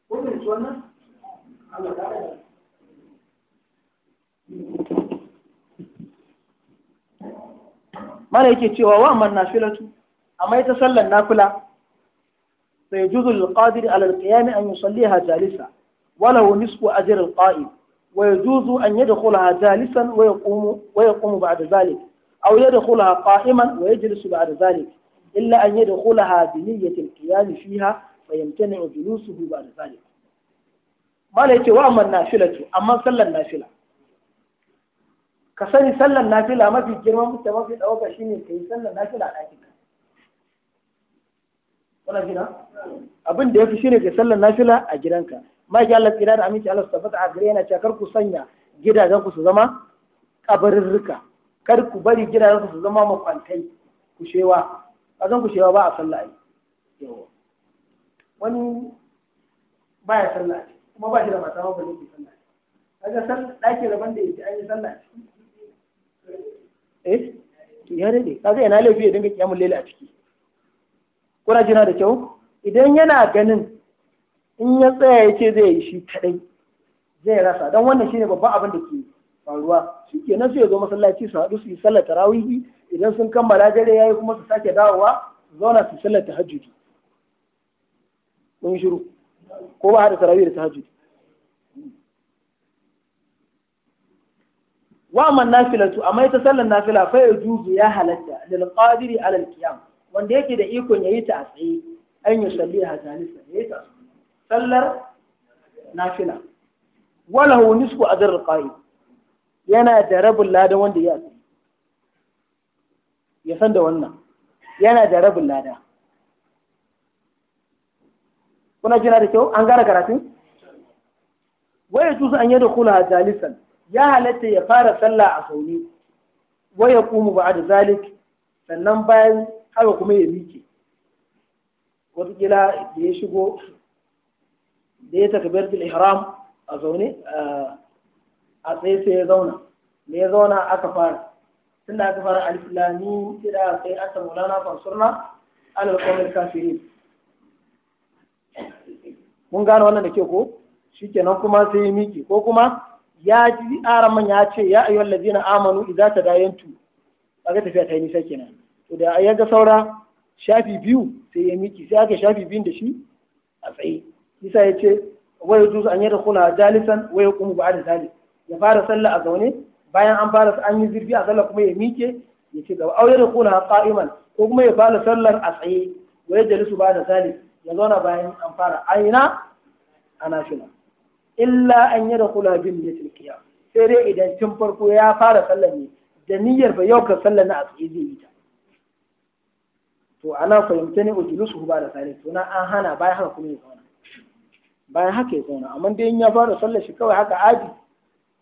ومن سنة الله تعالى mana yake cewa wa man filatu amma ita sallar kula. sai juzul qadir ala alqiyam an yusalliha jalisa walau nisfu ajr alqa'im wa yajuzu an yadkhulaha jalisan wa yaqumu wa yaqumu ba'da zalik aw yadkhulaha qa'iman wa yajlisu ba'da zalik illa an yadkhulaha bi niyyati alqiyam fiha fa yamtani'u julusuhu ba'da zalik mala yake wa man nafilatu amma sallar nafila ka sani sallar nafila mafi girman da mafi ɗauka shine ka yi sallar nafila a ɗakin ka wannan gina abin da ya fi shine ka sallar nafila a gidanka ma ya Allah tsira da aminci Allah tabbata a gare yana cewa kar ku sanya gidajen ku su zama kabarirrika kar ku bari gidajen ku su zama makwantai ku shewa kazan ku shewa ba a sallah ai wani baya sallah kuma ba shi da mata ba ne ke sallah kaga san ɗaki daban da yake an yi sallah eh ya Ka zai yana laifi ya dinga kiyamun lele a ciki kuna jina da kyau idan yana ganin in ya tsaya ya ce zai yi shi kadai zai rasa don wannan shine babban abin da ke faruwa shikenan su ya zo masallaci su haɗu su yi sallar tarawihi idan sun kammala dare ya yi kuma su sake dawowa su zauna su sallar tahajjudi kun shiru ko ba haɗa tarawih da tahajjudi wa amman nafilatu amma ita sallar nafila fa yajuzu ya halatta lil qadiri ala al wanda yake da ikon yayi ta a tsaye an yi salli a zalisa yayi ta sallar nafila wala hu nisfu ajr al qaim yana da rabul ladan wanda ya tsaye ya san da wannan yana da rabul lada kuna jira da kyau an gara karatu ya juzu an yadda kula jalisan ya halatta ya fara sallah a sauni Wai ya kuma ba da zalik sannan bayan haka kuma ya miƙe wataƙila da ya shigo da ya takabir ihram a zaune a tsaye sai ya zauna da ya zauna aka fara tunda aka fara alifilami sai da sai aka maulana fansurna alal kafiri mun gano wannan da ke ko kenan kuma sai ya miki ko kuma ya ji araman ya ce ya ayyuhal ladina amanu idza tadayantu kaga tafiya ta yi nisa kenan to da ya ga saura shafi biyu sai ya miki sai aka shafi biyu da shi a tsaye isa ya ce wai yajuz an yadda kuna jalisan wai a da zalik ya fara sallah a zaune bayan an fara an yi zirfi a sallah kuma ya mike ya ce gaba aure da kuna qa'iman ko kuma ya fara sallar a tsaye wai jalisu da zalik ya zauna bayan an fara aina ana shina illa an yi da kula bin ne tilkiya sai dai idan tun farko ya fara sallar ne da niyyar ba yau ka sallar na a tsaye zai yi ta to ana fahimta ne ujilu su ba da sare to na an hana bayan haka kuma ya zauna bayan haka ya zauna amma dai ya fara sallar shi kawai haka aji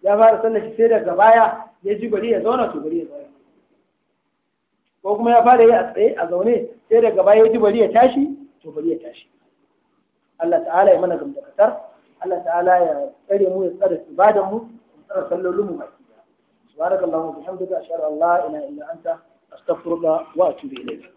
ya fara sallar shi sai daga baya ya ji bari ya zauna to bari ya zauna ko kuma ya fara yi a tsaye a zaune sai daga baya ya ji bari ya tashi to bari ya tashi Allah ta'ala ya mana gamdakatar Allah ta'ala ya tsare mu ya tsare ibadan mu ya tsare sallolin mu baki da subhanakallahu wa bihamdika ashhadu an la ilaha illa anta astaghfiruka wa atubu ilayk